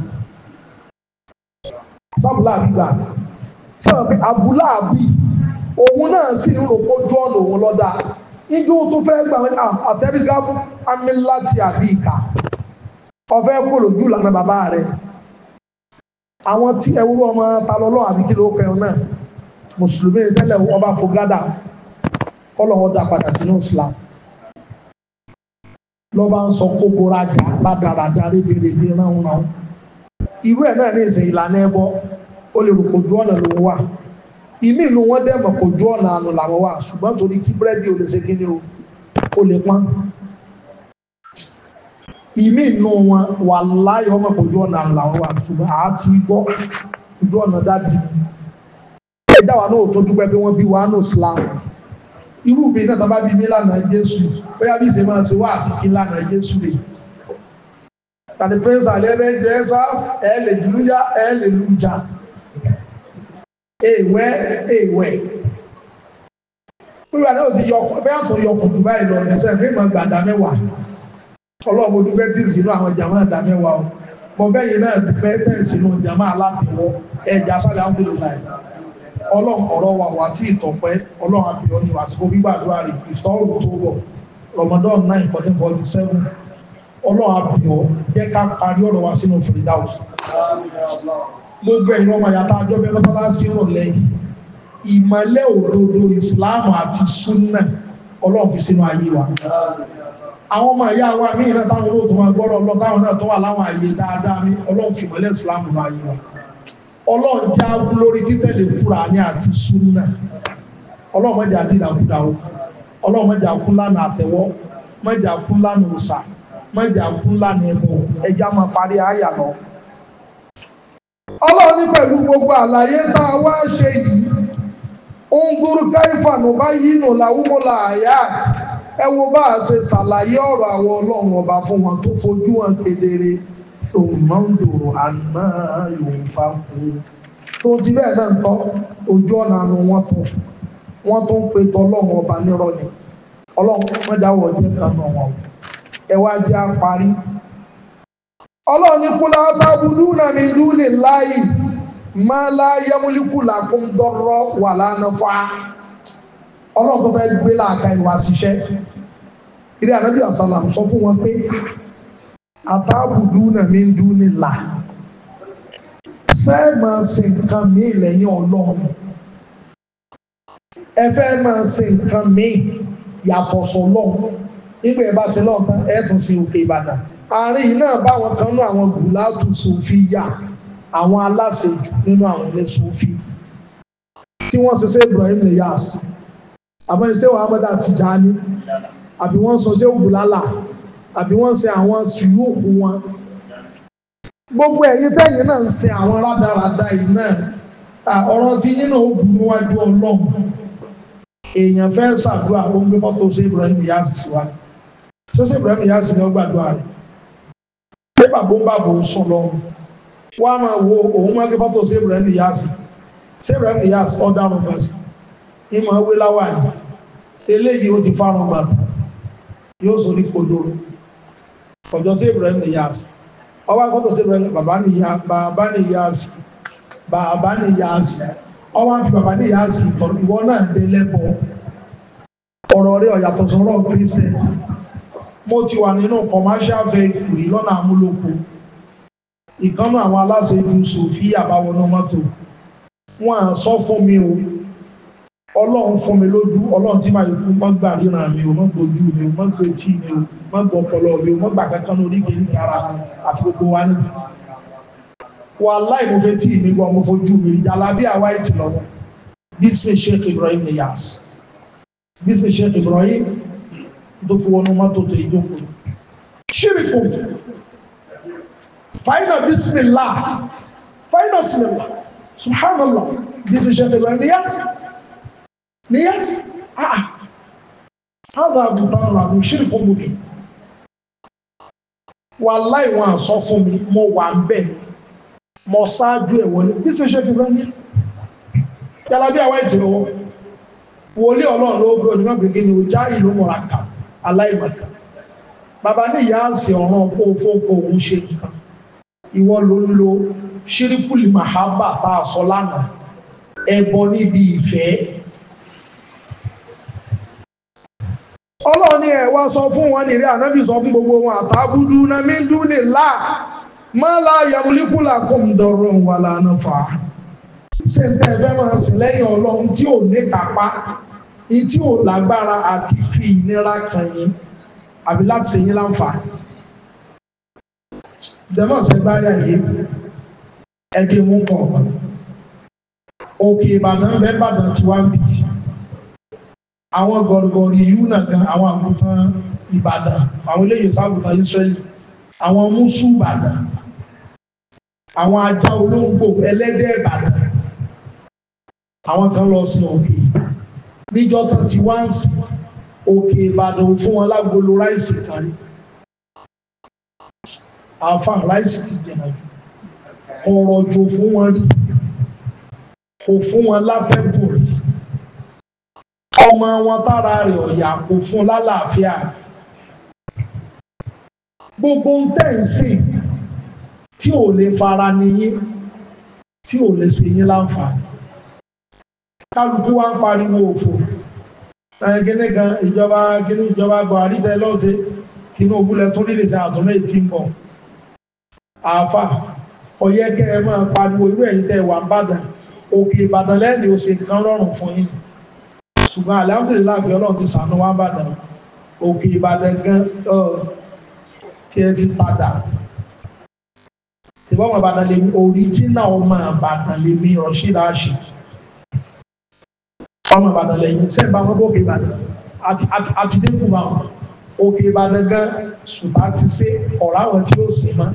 sábùláàbí gbà sẹ́wọ̀n pé abúláàbí òun náà sì ń rò pójú ọ̀nà òun lọ́dà ijó tó fẹ́ gbà wọ́n àtẹ́rígá àmì láti àbí ìka ọ̀fẹ́ kò lójú lànà bàbá rẹ̀ àwọn tí ẹwúrú ọmọ talọ́lọ́ àbí kí ló kẹ́ ọ náà mùsùlùmí tẹ́lẹ̀ ọba fògádà kọ́lọ́wọ́ dá padà sínú Islam lọ́ba ń sọ kó bóra jà ládàradà rédèrèdè ránran irú ẹ̀ náà ní ìsìn ìlànà ẹbọ ó lè rò kò ju ọ̀nà lòun wà ìmí ìlú wọn dẹ̀mọ̀ kò ju ọ̀nà àánú làwọn wà ṣùgbọ́n torí kí búrẹ́dì ò lè ṣe kíni o ó lè pọ́n ìmí ìlú wọn wà láyọ̀ ọmọ kò ju ọ̀nà àánú làwọn wà ṣùgbọ́n àá ti gbọ́ ojú ọ̀nà dájú ẹ̀dá wa náà tó dúpẹ́ bí wọ́n bí wa nù Islam irú mi náà tó bí mi lánàá Jésù bóyá bí ìṣe ṣe wá àṣìkí lánàá Jésù rèé that the praise and let Jesus hallelujah hallelujah èèwẹ̀ èèwẹ̀ wíwá náà ti yọ bẹ́ẹ̀ tó yọ kùtù báyìí lọ ẹ̀sẹ̀ mi mọ̀ gba àdá mẹ́wàá ọlọ́run dúpẹ́ tí ì sínú àwọn jàmáà àdá mẹ́wàá o mọ bẹ́ẹ̀ yìí náà dúpẹ́ bẹ́ẹ̀ sínú jàmáà alátẹ̀wọ́ ẹ̀jẹ̀ asálẹ̀ abdullahi ọlọ́run ọ̀rọ̀ wa wà tí ìtọ̀pẹ́ ọlọ́run abiyọ́ ni àsìkò gbígbàdúrà rẹ̀ ìfọ̀rùn tó wọ̀ Ramadan nine fourteen forty seven ọlọ́run àbíọ́ jẹ́ ká parí ọ̀rọ̀ wa sínú Firdaus gbogbo ẹ̀yin ọmọ ìyá tá a jọ bẹ mọ́sálásí rọ̀lẹ́ ìmọ̀lẹ̀ òdodo ìsìláàmù àti súnà ọlọ́run fi sínú ayé wa àwọn ọmọ ìyá wa táwọn olóòtú gbọ́dọ̀ náà tó wà láwọn dáadáa mi ọlọ́run fi ìsìláàmù lórí mọ̀jà kú ńlá ní ẹ̀bù ẹja máa lọ. ọlọ́ọ̀ni pẹ̀lú gbogbo àlàyé tá a wá ṣe yìí ń gúrú káífà ló bá nù ẹ wo bá a ṣe ṣàlàyé ọ̀rọ̀ àwọn ọlọ́run ọba fún wọn tó fojú wọn kedere àná wọn tó pe ọba nírọ̀ ni ọlọ́run mọ́jà wọ̀ ẹ wá jẹ́ á parí. ọlọ́run ní kúlá tábùdú náà mi dún ní láàyè má láyé múlíkù làkún dọ́rọ́ wà lánàá fa ọlọ́run tó fẹ́ gbé láàka ìwà ṣiṣẹ́ ilé ànábì àsálàm sọ fún wọn pé àtàbùdú náà mi dún ní là sẹ́ẹ̀mọ̀ sí nǹkan mi lẹ́yìn ọlọ́run ẹ fẹ́ máa sin nǹkan míì yàtọ̀ sọ́lọ́run nígbà ẹ bá ṣe lọ́ọ̀ tán ẹ tún sí òkè ìbàdàn àárín yìí náà báwọn kan nú àwọn gùláàtù sòfì yà àwọn aláṣejù nínú àwọn ilé sòfì tí wọ́n ṣe ṣe Ibrahim Niyas àbọ̀ ṣe Muhammad Tijani àbí wọ́n sọ ṣe ògùlálà àbí wọ́n ṣe àwọn sùúrù wọn gbogbo ẹ̀yin tẹ́yin náà ń ṣe àwọn rádaràda yìí náà ọ̀rọ̀ tí yín náà ó burú Ọlọ́run èèyàn fẹ́ ṣàdúrà ó ń gbé mọ́tò ṣe Ibrahim Niyas síwájú sẹ́sẹ́ Ibrahim yà sí ní ọgbàdúrà rẹ̀ pé bàbá ń bàbá ń sùn lọ wọ́n á máa wo òun máa gbé fọ́tò sí Ibrahim yà sí sí Ibrahim yà sí ọ̀dà rọ̀bàsì ìmọ̀ ewé láwà ní eléyìí ó ti fárun bàtà yóò sọ ní kodoro ọjọ́ sí Ibrahim yà sí ọwọ́ fọ́tò sí Ibrahim bàbá ni yà bàbá ni yà sí bàbá ni yà sí ọwọ́ àfi bàbá ni yà sí ìwọ náà dé lẹ́bọ̀ọ́ ọ̀rọ̀ rẹ̀ ọ̀yàtọ̀ sọ̀rọ̀ Christian mo ti wà nínú commercial vehicle rí lọ́nà amúlòkó ìkànnù àwọn aláṣẹ ju sofia báwọnú mọ́tò wọn à sọ fún mi o ọlọ́run fún mi lójú ọlọ́run tí màá kú mọ́ gbà ríran mi o mọ́ gbójú mi o mọ́ gbètì mi o mọ́ gbọ́ mi o mọ́ gbà kankan ní oríkèérí àti gbogbo wa níbi wàláì mo fẹ́ tí mi gan mo fojú mi rí jalabi àwa ìtì bísí Sheikh Ibrahim Niyas bísí Sheikh Ibrahim tó fi wọnú mọ́tò tó yíjó kù ṣírìkù fàyínà bísímìlá fàyínà símìlá subhanallah bísí ṣẹlẹ̀ rẹ̀ níyàtì níyàtì àà sáàdà àgùntàn rà ní ṣírìkù mú mi wà láì wọn àsọ fún mi mo wà ń bẹ̀ ni mo ṣáájú ẹ̀ wọlé bísí ṣẹlẹ̀ rẹ̀ níyàtì yàrá bí àwọn ìtìlọ́wọ́ wòlíì ọlọ́run ló gbé onímọ̀ pé ni o ìlú mọ̀ràn kà aláìmọ̀kà bàbá ní ìyá àsìn ọ̀ràn kó o òun ṣe nǹkan ìwọ ló ń lo ṣíríkùlì màhábà tá a sọ lánàá ẹbọ níbi ìfẹ́ sọ fún wọn nìrí ànábì sọ fún gbogbo wọn àtàbùdú náà lè má kò ń dọ̀rọ̀ wà lánàá fà á ń tẹ́ fẹ́ máa ìtí ò lágbára àti fi ìnira kàn yín àbí láti ṣe yín láǹfààní. Demos ẹ báyà yìí ẹgbẹ́ mú kọ̀ òkè Ìbàdàn mẹ́bàdàn tí wàá bì àwọn gọ̀rọ̀gọ̀rọ̀ yìí náà gan àwọn àgùntàn Ìbàdàn àwọn eléyìí sáàgùntàn Ísírẹ́lì àwọn mùsù Ìbàdàn àwọn ajá olóńgbò ẹlẹ́dẹ̀ Ìbàdàn àwọn kan lọ sí òkè níjọ́ tán ti wá ń sìn òkè ìbàdàn fún wọn lágolo ráìsì kan rí àfa ráìsì ti jẹ̀nà jù ọ̀rọ̀ jò fún wọn rí kò fún wọn lápẹ́bù rí ọmọ wọn tára rẹ̀ ọ̀yà kò fún lálàáfíà gbogbo ń tẹ̀ ń sìn tí ò lè fara niyín tí ò lè ṣe yín láǹfààní kálukú wa ń pariwo òfò kíní kan ìjọba kíní ìjọba gbọ́ àríjẹ lọ́ọ̀tẹ́ Tinubu lẹ tún lílẹ̀ sí àtúnmọ̀ ètí ń bọ̀ àáfà ọ̀yẹ́ kẹ́ ẹ máa pariwo irú ẹ̀yìn tẹ́ wà ń bàdàn òkè Ìbàdàn lẹ́ni oṣù kan rọrùn fún yín ṣùgbọ́n alhamdulilayi àbí Ọlọ́run ti sànú wá bàdàn òkè Ìbàdàn gan tí ẹ ti padà tìbọ́n Ìbàdàn lèmi oríjínà ọmọ Ìbàdàn lèmi Rashid Ashik ọmọ ìbàdàn lẹ́yìn sẹ́ẹ̀bà wọn bókè ìbàdàn àti dínkù bá wọn òkè ìbàdàn gan ṣùtá ti ṣe ọ̀rọ̀ àwọn tí ó sì mọ́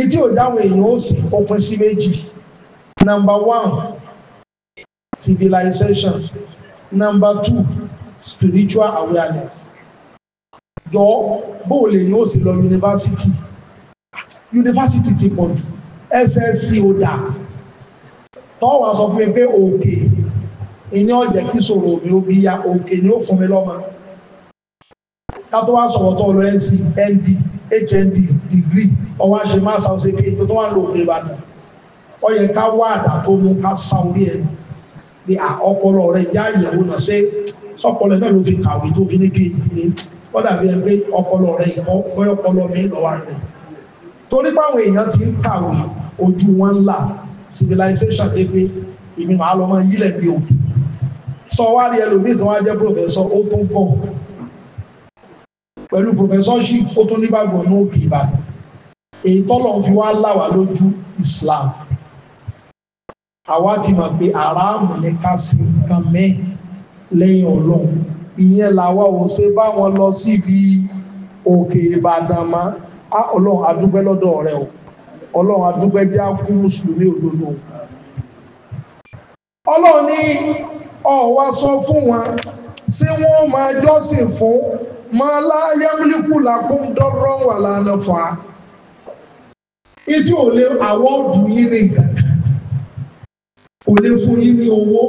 ìdí òjá èèyàn ó sì òpin sí méjì number one civilization number two spiritual awareness jọ bóò lè yóò sì lọ yunifásitì yunifásitì ti pọ̀ jù ssc ò dà tọ́wọ́ sọ fún mi pé òkè. Okay ìní ọ̀jẹ̀ kí sọ̀rọ̀ mi ó bí ya òkè ni ó fún mi lọ́mọ ká sọ̀rọ̀ tó lọ nc nd hnd degree ọwọ́ àṣẹ máa sa ọ̀sẹ̀ kéèké tó wà ń lo òkè ìbàdàn ó yẹ ká wá àdá tó mú ká sa orí ẹ̀ ní ọpọlọ rẹ̀ já ìyẹ̀wò náà ṣe sọpọlọ náà ló fi kàwé tó fi ní kí ní ó dàbí ẹ pé ọpọlọ rẹ̀ ìkọ́ fọ́ ọpọlọ mi lọ́wọ́ rẹ̀ torí báwọn èèyàn ti ń kàwé ojú wọn ńlá civilization dé pé ìmìmọ̀ àlọ́mọ yílẹ̀ bí òkè sọ wá rí ẹlòmíì tó wá jẹ́ pòfẹ́sọ ó tún bọ̀ pẹ̀lú pòfẹ́sọ́ṣìp ó tún nígbàgbọ́ ní òkè Ìbàdàn èyí tọ́lọ̀ fi wá láwà lójú Islam àwa ti mọ̀ pé aráàmù ní ká sí nǹkan mẹ́ẹ̀ lẹ́yìn Ọlọ́run ìyẹn làwa ò ṣe bá wọn lọ síbi òkè Ìbàdàn mọ́ á Ọlọ́run adúgbẹ́ lọ́dọ̀ rẹ o Ọlọ́run adúgbẹ́ já kú mùsùlùmí òdodo Ọlọ́run ní ọ̀wá sọ fún wọn ṣé wọ́n máa jọ́sìn fún máa láyámílíkù làkún dọ́rọ́ wà lánà fà á etí ò lè àwọ̀ ọ̀dùn yín ní ìgbà kò lè fún yín ní owó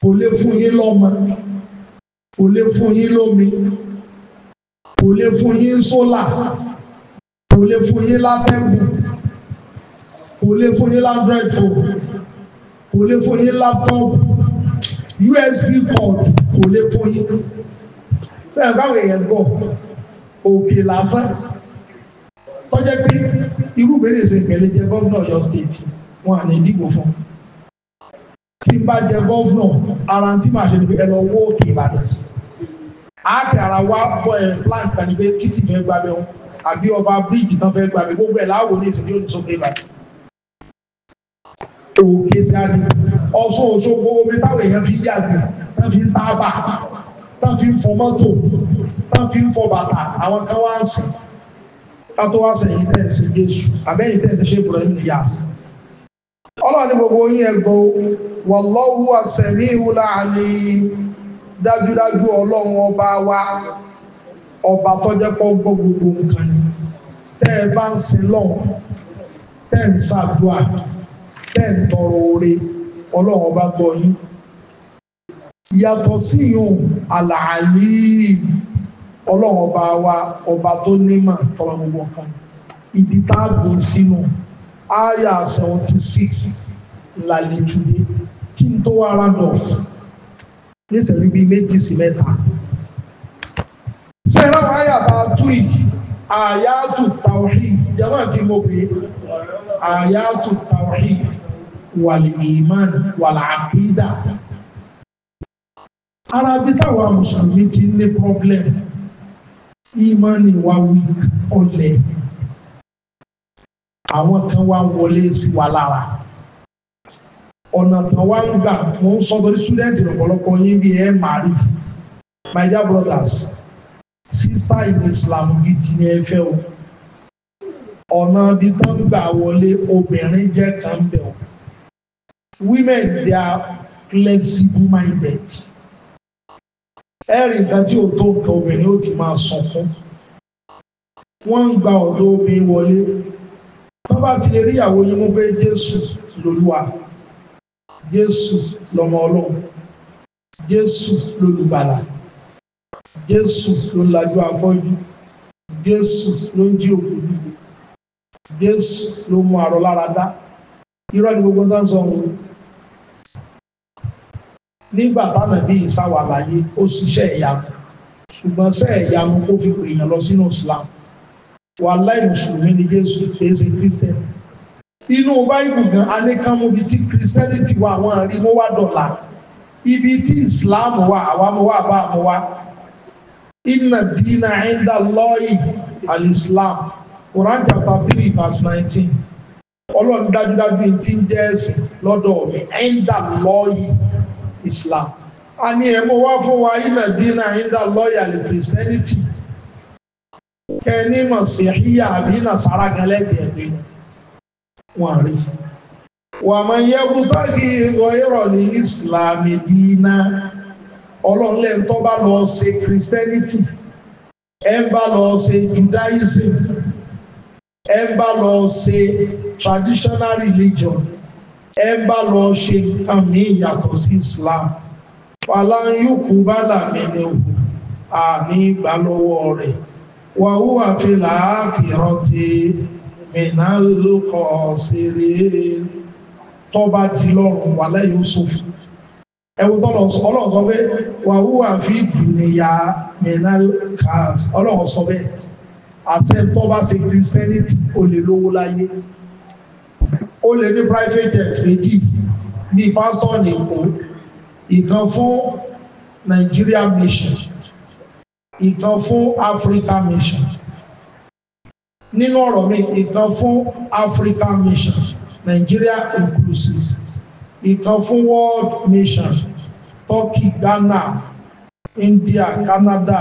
kò lè fún yín lọ́mọ kò lè fún yín lómi kò lè fún yín sólà kò fún yín látẹ́gùn kò fún yín láńdrẹ́d fò fún yín láptọ́pù USB cord kò lè fún yín sẹ́yìn báwọn èèyàn gbọ́ òkè lásán tọ́jẹ́ pé irú ìbéèrè ṣe ìpẹ̀lẹ̀ jẹ gọ́vnà Ọ̀yọ́ state wọn à ní dìbò fún tí n bá jẹ gọ́vnà ara tí màá ṣe ni pé ẹ lọ wó òkè Ìbàdàn àákè ara wa bọ ẹ plan kan ni pé títì fẹ́ gbàgbẹ́ wọn àbí ọba bíríìjì kan fẹ́ gbàgbẹ́ gbogbo ẹ̀ láwòrán ìṣèjì òdìsókè Ìbàdàn òkè sáré Ọ̀ṣun Òṣogbo omi táwọn èèyàn fi yàgbẹ́ tán fi ń tábà tán fi ń fọ mọ́tò tán fi ń fọ bàtà àwọn kan wá ń sìn ká wá sẹ̀yìn tẹ̀sí Jésù àbẹ́yìn tẹ̀sí ṣe Ibrahim Niyas ọlọ́ọ̀ni gbogbo yín ẹ̀gbọ́ wallahu as-sami'ul 'alim dájúdájú ọlọ́run ọba wa ọba tọ́jẹ́ pọ́ gbọ́ gbogbo nǹkan tẹ́ ẹ bá ń sin lọ́wọ́ tẹ́ ń ṣàdúrà tẹ́ ń tọrọ oore ọlọ́run ọba gbọ́ yín yàtọ̀ sí yòó àlàálí ọlọ́run ọba wa ọba tó nímọ̀ tọrọ gbogbo kan ìdí tá a gùn sínú àyà seventy six lálejò kí n tó wá randolph nísìnyí bíi méjì sí mẹ́ta sẹ́yìn àyà bá tú yìí àyà tù tàwọn yìí ìjàmbá kí n mọ̀ pé àyàtù tawhid wal-iman wal-aqida ara bí táwa mùsùlùmí ti ní problem ìmánì wa wí ọlẹ̀ àwọn kan wá wọlé sí wa lára ọ̀nà kan wá ń gbà mo ń sọ́dọ̀ ní ṣúdẹ́ǹtì lọ́pọ̀lọpọ̀ yín bí ẹ màrí my dear brothers sister in Islam gidi ni ẹ fẹ́ o ọ̀nà ibi tó ń gbà wọlé obìnrin jẹ́ kan bẹ̀ ọ́ women they are flexible minded ẹ̀rì nǹkan tí ò tó nǹkan obìnrin ó ti máa sàn fún wọ́n ń gba ọ̀dọ́ obìnrin wọlé tó bá ti lè rí ìyàwó yín mú pé Jésù lolúwa Jésù lọmọ Ọlọ́run Jésù lolùgbàlà Jésù ló ń lajú afọ́jú Jésù ló ń jí òkú jésù ló mú àrọ lára dá irọ́ ni gbogbo tó ń sọ wọn nígbà táwọn bíi ìsáwà láyé ó ṣiṣẹ́ ìyanu ṣùgbọ́n ṣẹ́ ìyanu tó fi pè èèyàn lọ sínú islam wàláì mùsùlùmí ni jésù kìí ṣe christian inú báyìí gan alékánmú bíi christianity wà àwọn àríwó wà dọ̀là ibi tí islam wà àwa mọ̀ inna dina inda Allahi al-islam Quran chapter 3 verse 19, ọlọ́run dájúdájú yìí ti ń jẹ́ ẹ̀sìn lọ́dọ̀ mi lọ́ọ̀yì Islam a ní ẹ̀mọ́ wá fún wa ilẹ̀ dínà ẹ̀ńdà lọ́ọ̀yì àlè Christianity àbí gan lẹ́tì ẹ̀gbẹ́ wọn rí wà máa yẹ ìrọ̀ ní Islam dínà ọlọ́run lẹ́yìn tó bá lọ ṣe Christianity ẹ̀ ń bá ẹ ń bá lọ ṣe traditional religion ẹ ń bá lọ ṣe nǹkan míì yàtọ̀ sí Islam wàhálà yòókù bá làmì ni o àmì ìgbà lọ́wọ́ rẹ̀ wàhùwà fi làáfíà ti mìíràn lókọ̀ ṣeré tọ́ba di lọ́rùn wàhálà Yusuf ẹ̀wọ̀n tọ́lọ̀ ọlọ́run sọ pé wàhùwà fi dùnìyà mìíràn kàás ọlọ́run sọ bẹ́ẹ̀ àṣẹ tó bá ṣe christianity ó lè lówó láyé ó lè ní private jet méjì ní pásọ̀ nìkan ìkan fún Nigeria mission ìkan fún Africa mission nínú ọ̀rọ̀ mi ìkan fún Africa mission Nigeria inclusive ìkan fún world mission Turkey Ghana India Canada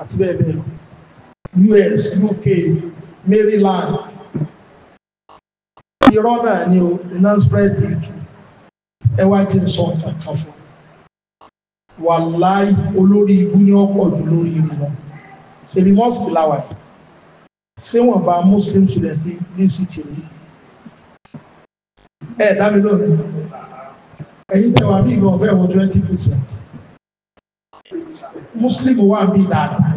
àti bẹ́ẹ̀ bẹ́ẹ̀ lọ. US UK Maryland irọ́ náà ni o iná spread ìjù ẹ wá kí n sọ kankan fún wàláì olórí igun ní ọ̀pọ̀ jù lórí igun wọn ṣèbí mosque láwàá yìí ṣé wọn bá muslim student ní city rí ẹ dá mi lónìí ẹ̀yin tẹwàá bí ìgbọ̀n fẹ́ wọ twenty percent muslim wà bí dáadáa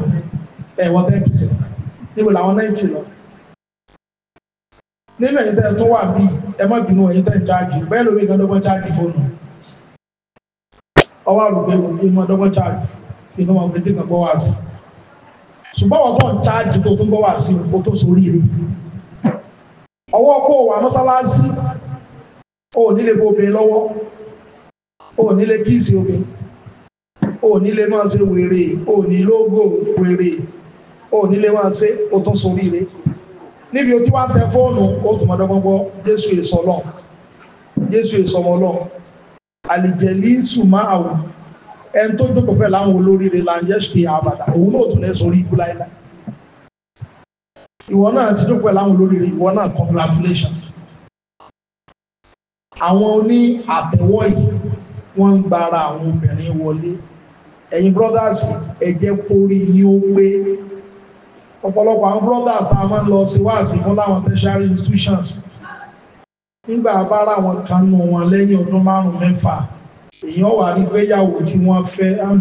ẹ̀wọ̀n ten percent níbo làwọn náìtì lọ. nínú ẹ̀yin tẹ́ ẹ tó wà bí ẹ má bínú ẹ̀yin tẹ́ ẹ jáàjì bẹ́ẹ̀ lómi gan dọ́gbọ́n jáàjì fóònù ọwọ́ àrògbé òbí mọ́ dọ́gbọ́n jáàjì inú ọmọ kékeré kan gbọ́ wá sí ṣùgbọ́n wọ́n tó ń jáàjì tó tún gbọ́ wá sí o tó sórí rẹ̀ ọwọ́ kó wà mọ́sálásí o ò nílé bóbe lọ́wọ́ o ò nílé kíìsì obìnrin o ò nílé máa ṣe wèrè o ò ní lógò wèrè ò nílé wá ṣe ó tún sórí ire níbi o ti wá tẹ fóònù ó tún mọ́dọ́ gbọ́ngbọ́ jésù èso lọ jésù èso ọmọ lọ àlìjẹ̀lì sùnmọ́ àwọ̀ ẹni tó jókòó fẹ́ láwọn olóríire là ń yẹ́ ṣe àbàdà òun náà tún lẹ́ sórí ibú láìláì ìwọ náà ti jókòó láwọn olóríire ìwọ náà congratulations àwọn oní àtẹ́wọ́ yìí wọ́n ń gbára àwọn obìnrin wọlé ẹ̀yin brothers ẹ jẹ́ kórí yín ó pé ọ̀pọ̀lọpọ̀ àwọn brothers tá a máa ń lọ sí wáàsí fún láwọn tertiary institutions nígbà abára wọn kan nù wọn lẹ́yìn ọdún márùn-ún mẹ́fà èèyàn wà rí gbéyàwó tí wọ́n fẹ́ ah,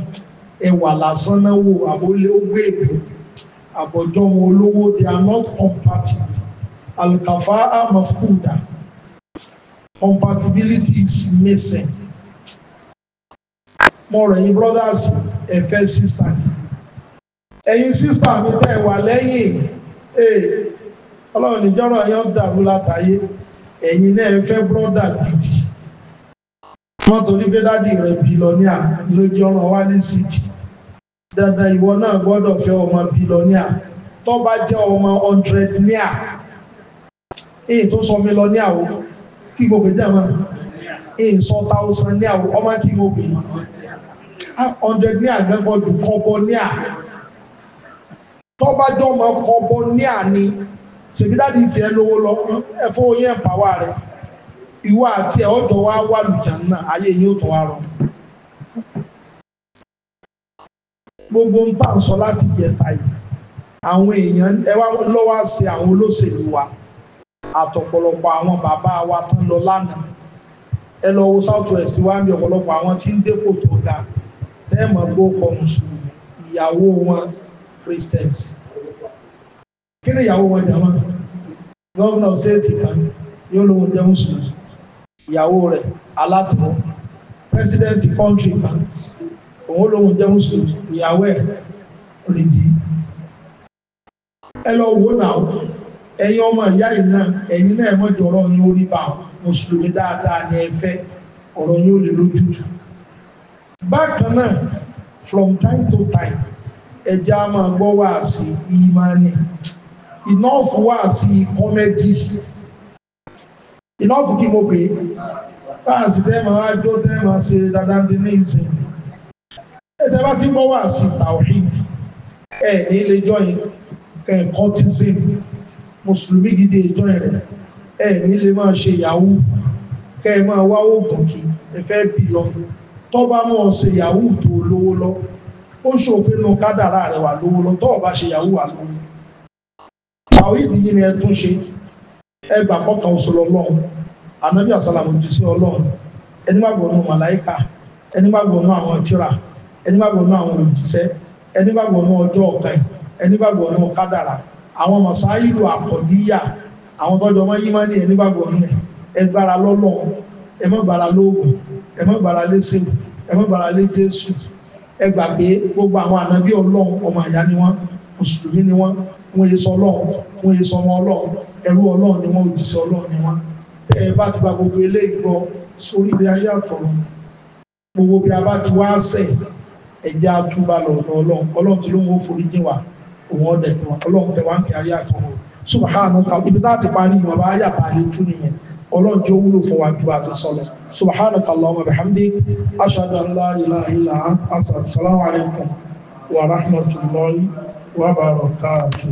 ẹwà lásán náà wò àbólé ó gbé àbọ̀jọ́ wọn olówó they are not compatible alukafa amafuda compatibility is missing mo rẹ̀ yín brothers ẹ̀fẹ́ sister yìí ẹ̀yin sísà mi bẹ́ẹ̀ wà lẹ́yìn ee ọlọ́run níjọ́rọ̀ yẹn dàrú látàyé ẹ̀yin náà ń fẹ́ bọ́dà gidi wọ́n torí pé dádì rẹ̀ bìlọ́níà lójú ọ̀ràn wálé síìtì dandan ìwọ náà gbọ́dọ̀ fẹ́ ọmọ bìlọ́níà tó bá jẹ́ ọmọ ọ̀ndrẹ́díníà èyí tó sọ mi lọ ní àwọ kí gbogbo jẹ́ àmọ́ èyí sọ táwùsàn ní àwọ ọmọ kí gbogbo ọ̀ndrẹ́díníà ah, gẹ́gbọ́dù kọ́bọ́ ní tọ́bájọ́ máa kọ́ bọ́ ní àní ṣèbí dáàdi tiẹ̀ lówó lọ ẹ̀fọ́ yẹn pàwá rẹ̀ ìwọ àti ẹ̀ ọ̀dọ̀ wa wà lùjàn náà ayé yóò tọ́ wa rọ. gbogbo ń tà ń sọ láti yẹta yìí àwọn èèyàn ẹ wá lọ́wọ́ àṣẹ àwọn olóṣèlú wa àtọ̀pọ̀lọpọ̀ àwọn bàbá wa tó lọ lánàá ẹ lọ wo south west wá bí ọ̀pọ̀lọpọ̀ àwọn tí ń dépò tó ga bẹ́ẹ̀ mọ̀ gbó kọ ìyàwó wọn Christians kí ni ìyàwó wọn jàmá gọ́vnà ṣéètì kan yóò lóun jẹ́ mùsùlùmí ìyàwó rẹ̀ alátìmọ́ president country kan òun lóun jẹ́ mùsùlùmí ìyàwó ẹ̀ rìndì ẹ lọ wò náà ẹ̀yin ọmọ ìyá yìí náà ẹ̀yin náà ẹ mọ jọrọ ní orí bá mùsùlùmí dáadáa ní ẹ fẹ́ ọ̀rọ̀ yóò lè lójútu bákan náà from time to time ẹja máa gbọ́ wáàsí ìmánì enough wáàsí kọ́mẹ́dì enough kí mo pè é báàsì tẹ́ máa wá jó tẹ́ máa ṣe dandan dín ní ìsìn ẹ̀tẹ́ bá ti gbọ́ wáàsí tawhid ẹ̀ ní ilé jọyìn ẹ̀kọ́ ti sìn mùsùlùmí gidi ìjọyìn rẹ̀ ẹ̀ ní ilé máa ṣe yahoo kẹ́ ẹ máa wá oògùn kí ẹ fẹ́ bì lọ tọ́ bá mọ̀ ṣe yahoo tó lówó lọ́wọ́ ó ṣòpin nu kádàrá rẹ̀ wà lówó lọ tọ́ ọba ṣe ìyàwó wà lówó àwọn ìdíyí ni ẹ tún ṣe ẹ gbà kọ́kàn oṣù lọ́lọ́run ànábì àsálàmù jù sí ọlọ́run ẹni má gbọ́nù màláìkà ẹni má gbọ́nù àwọn ìtura ẹni má gbọ́nù àwọn òjíṣẹ́ ẹni má gbọ́nù ọjọ́ ọ̀kan ẹni má gbọ́nù kádàrá àwọn mọ̀sáìlú àkọ́díyà àwọn tọ́jú ọmọ yìí máa ń ní ẹni má gbọ́nù ẹ gbára lọ́lọ́run ẹ gbà pé gbogbo àwọn ànábí ọlọ́run ọmọ àyà ni wọ́n mùsùlùmí ni wọ́n wọ́n yé sọ ọlọ́run wọ́n yé sọ ọmọ ọlọ́run ẹrú ọlọ́run ni wọ́n òjìṣẹ́ ọlọ́run ni wọ́n tẹ́ ẹ bá ti gba gbogbo eléyìí gbọ́ sórí ibi ayé àtọ̀run gbogbo bí a bá ti wá sẹ̀ ẹ̀jẹ̀ àtúbà lọ́dọ̀ ọlọ́run ọlọ́run ti lóun ó forí jìn wá òun ọ̀dẹ̀ fún wa ọlọ́run tẹ wá ń fi ayé àtọ̀run subhanaka ibi tá ti parí ìwọ̀nba ayé àtàlẹ́ tún nìyẹn ọlọ́run jẹ́ wúlò fún wa ju àti sọ́lọ̀ subhanaka allahumma bihamdik ashhadu an la ilaha illa anta assalamu alaikum wa rahmatullahi wa barakatuh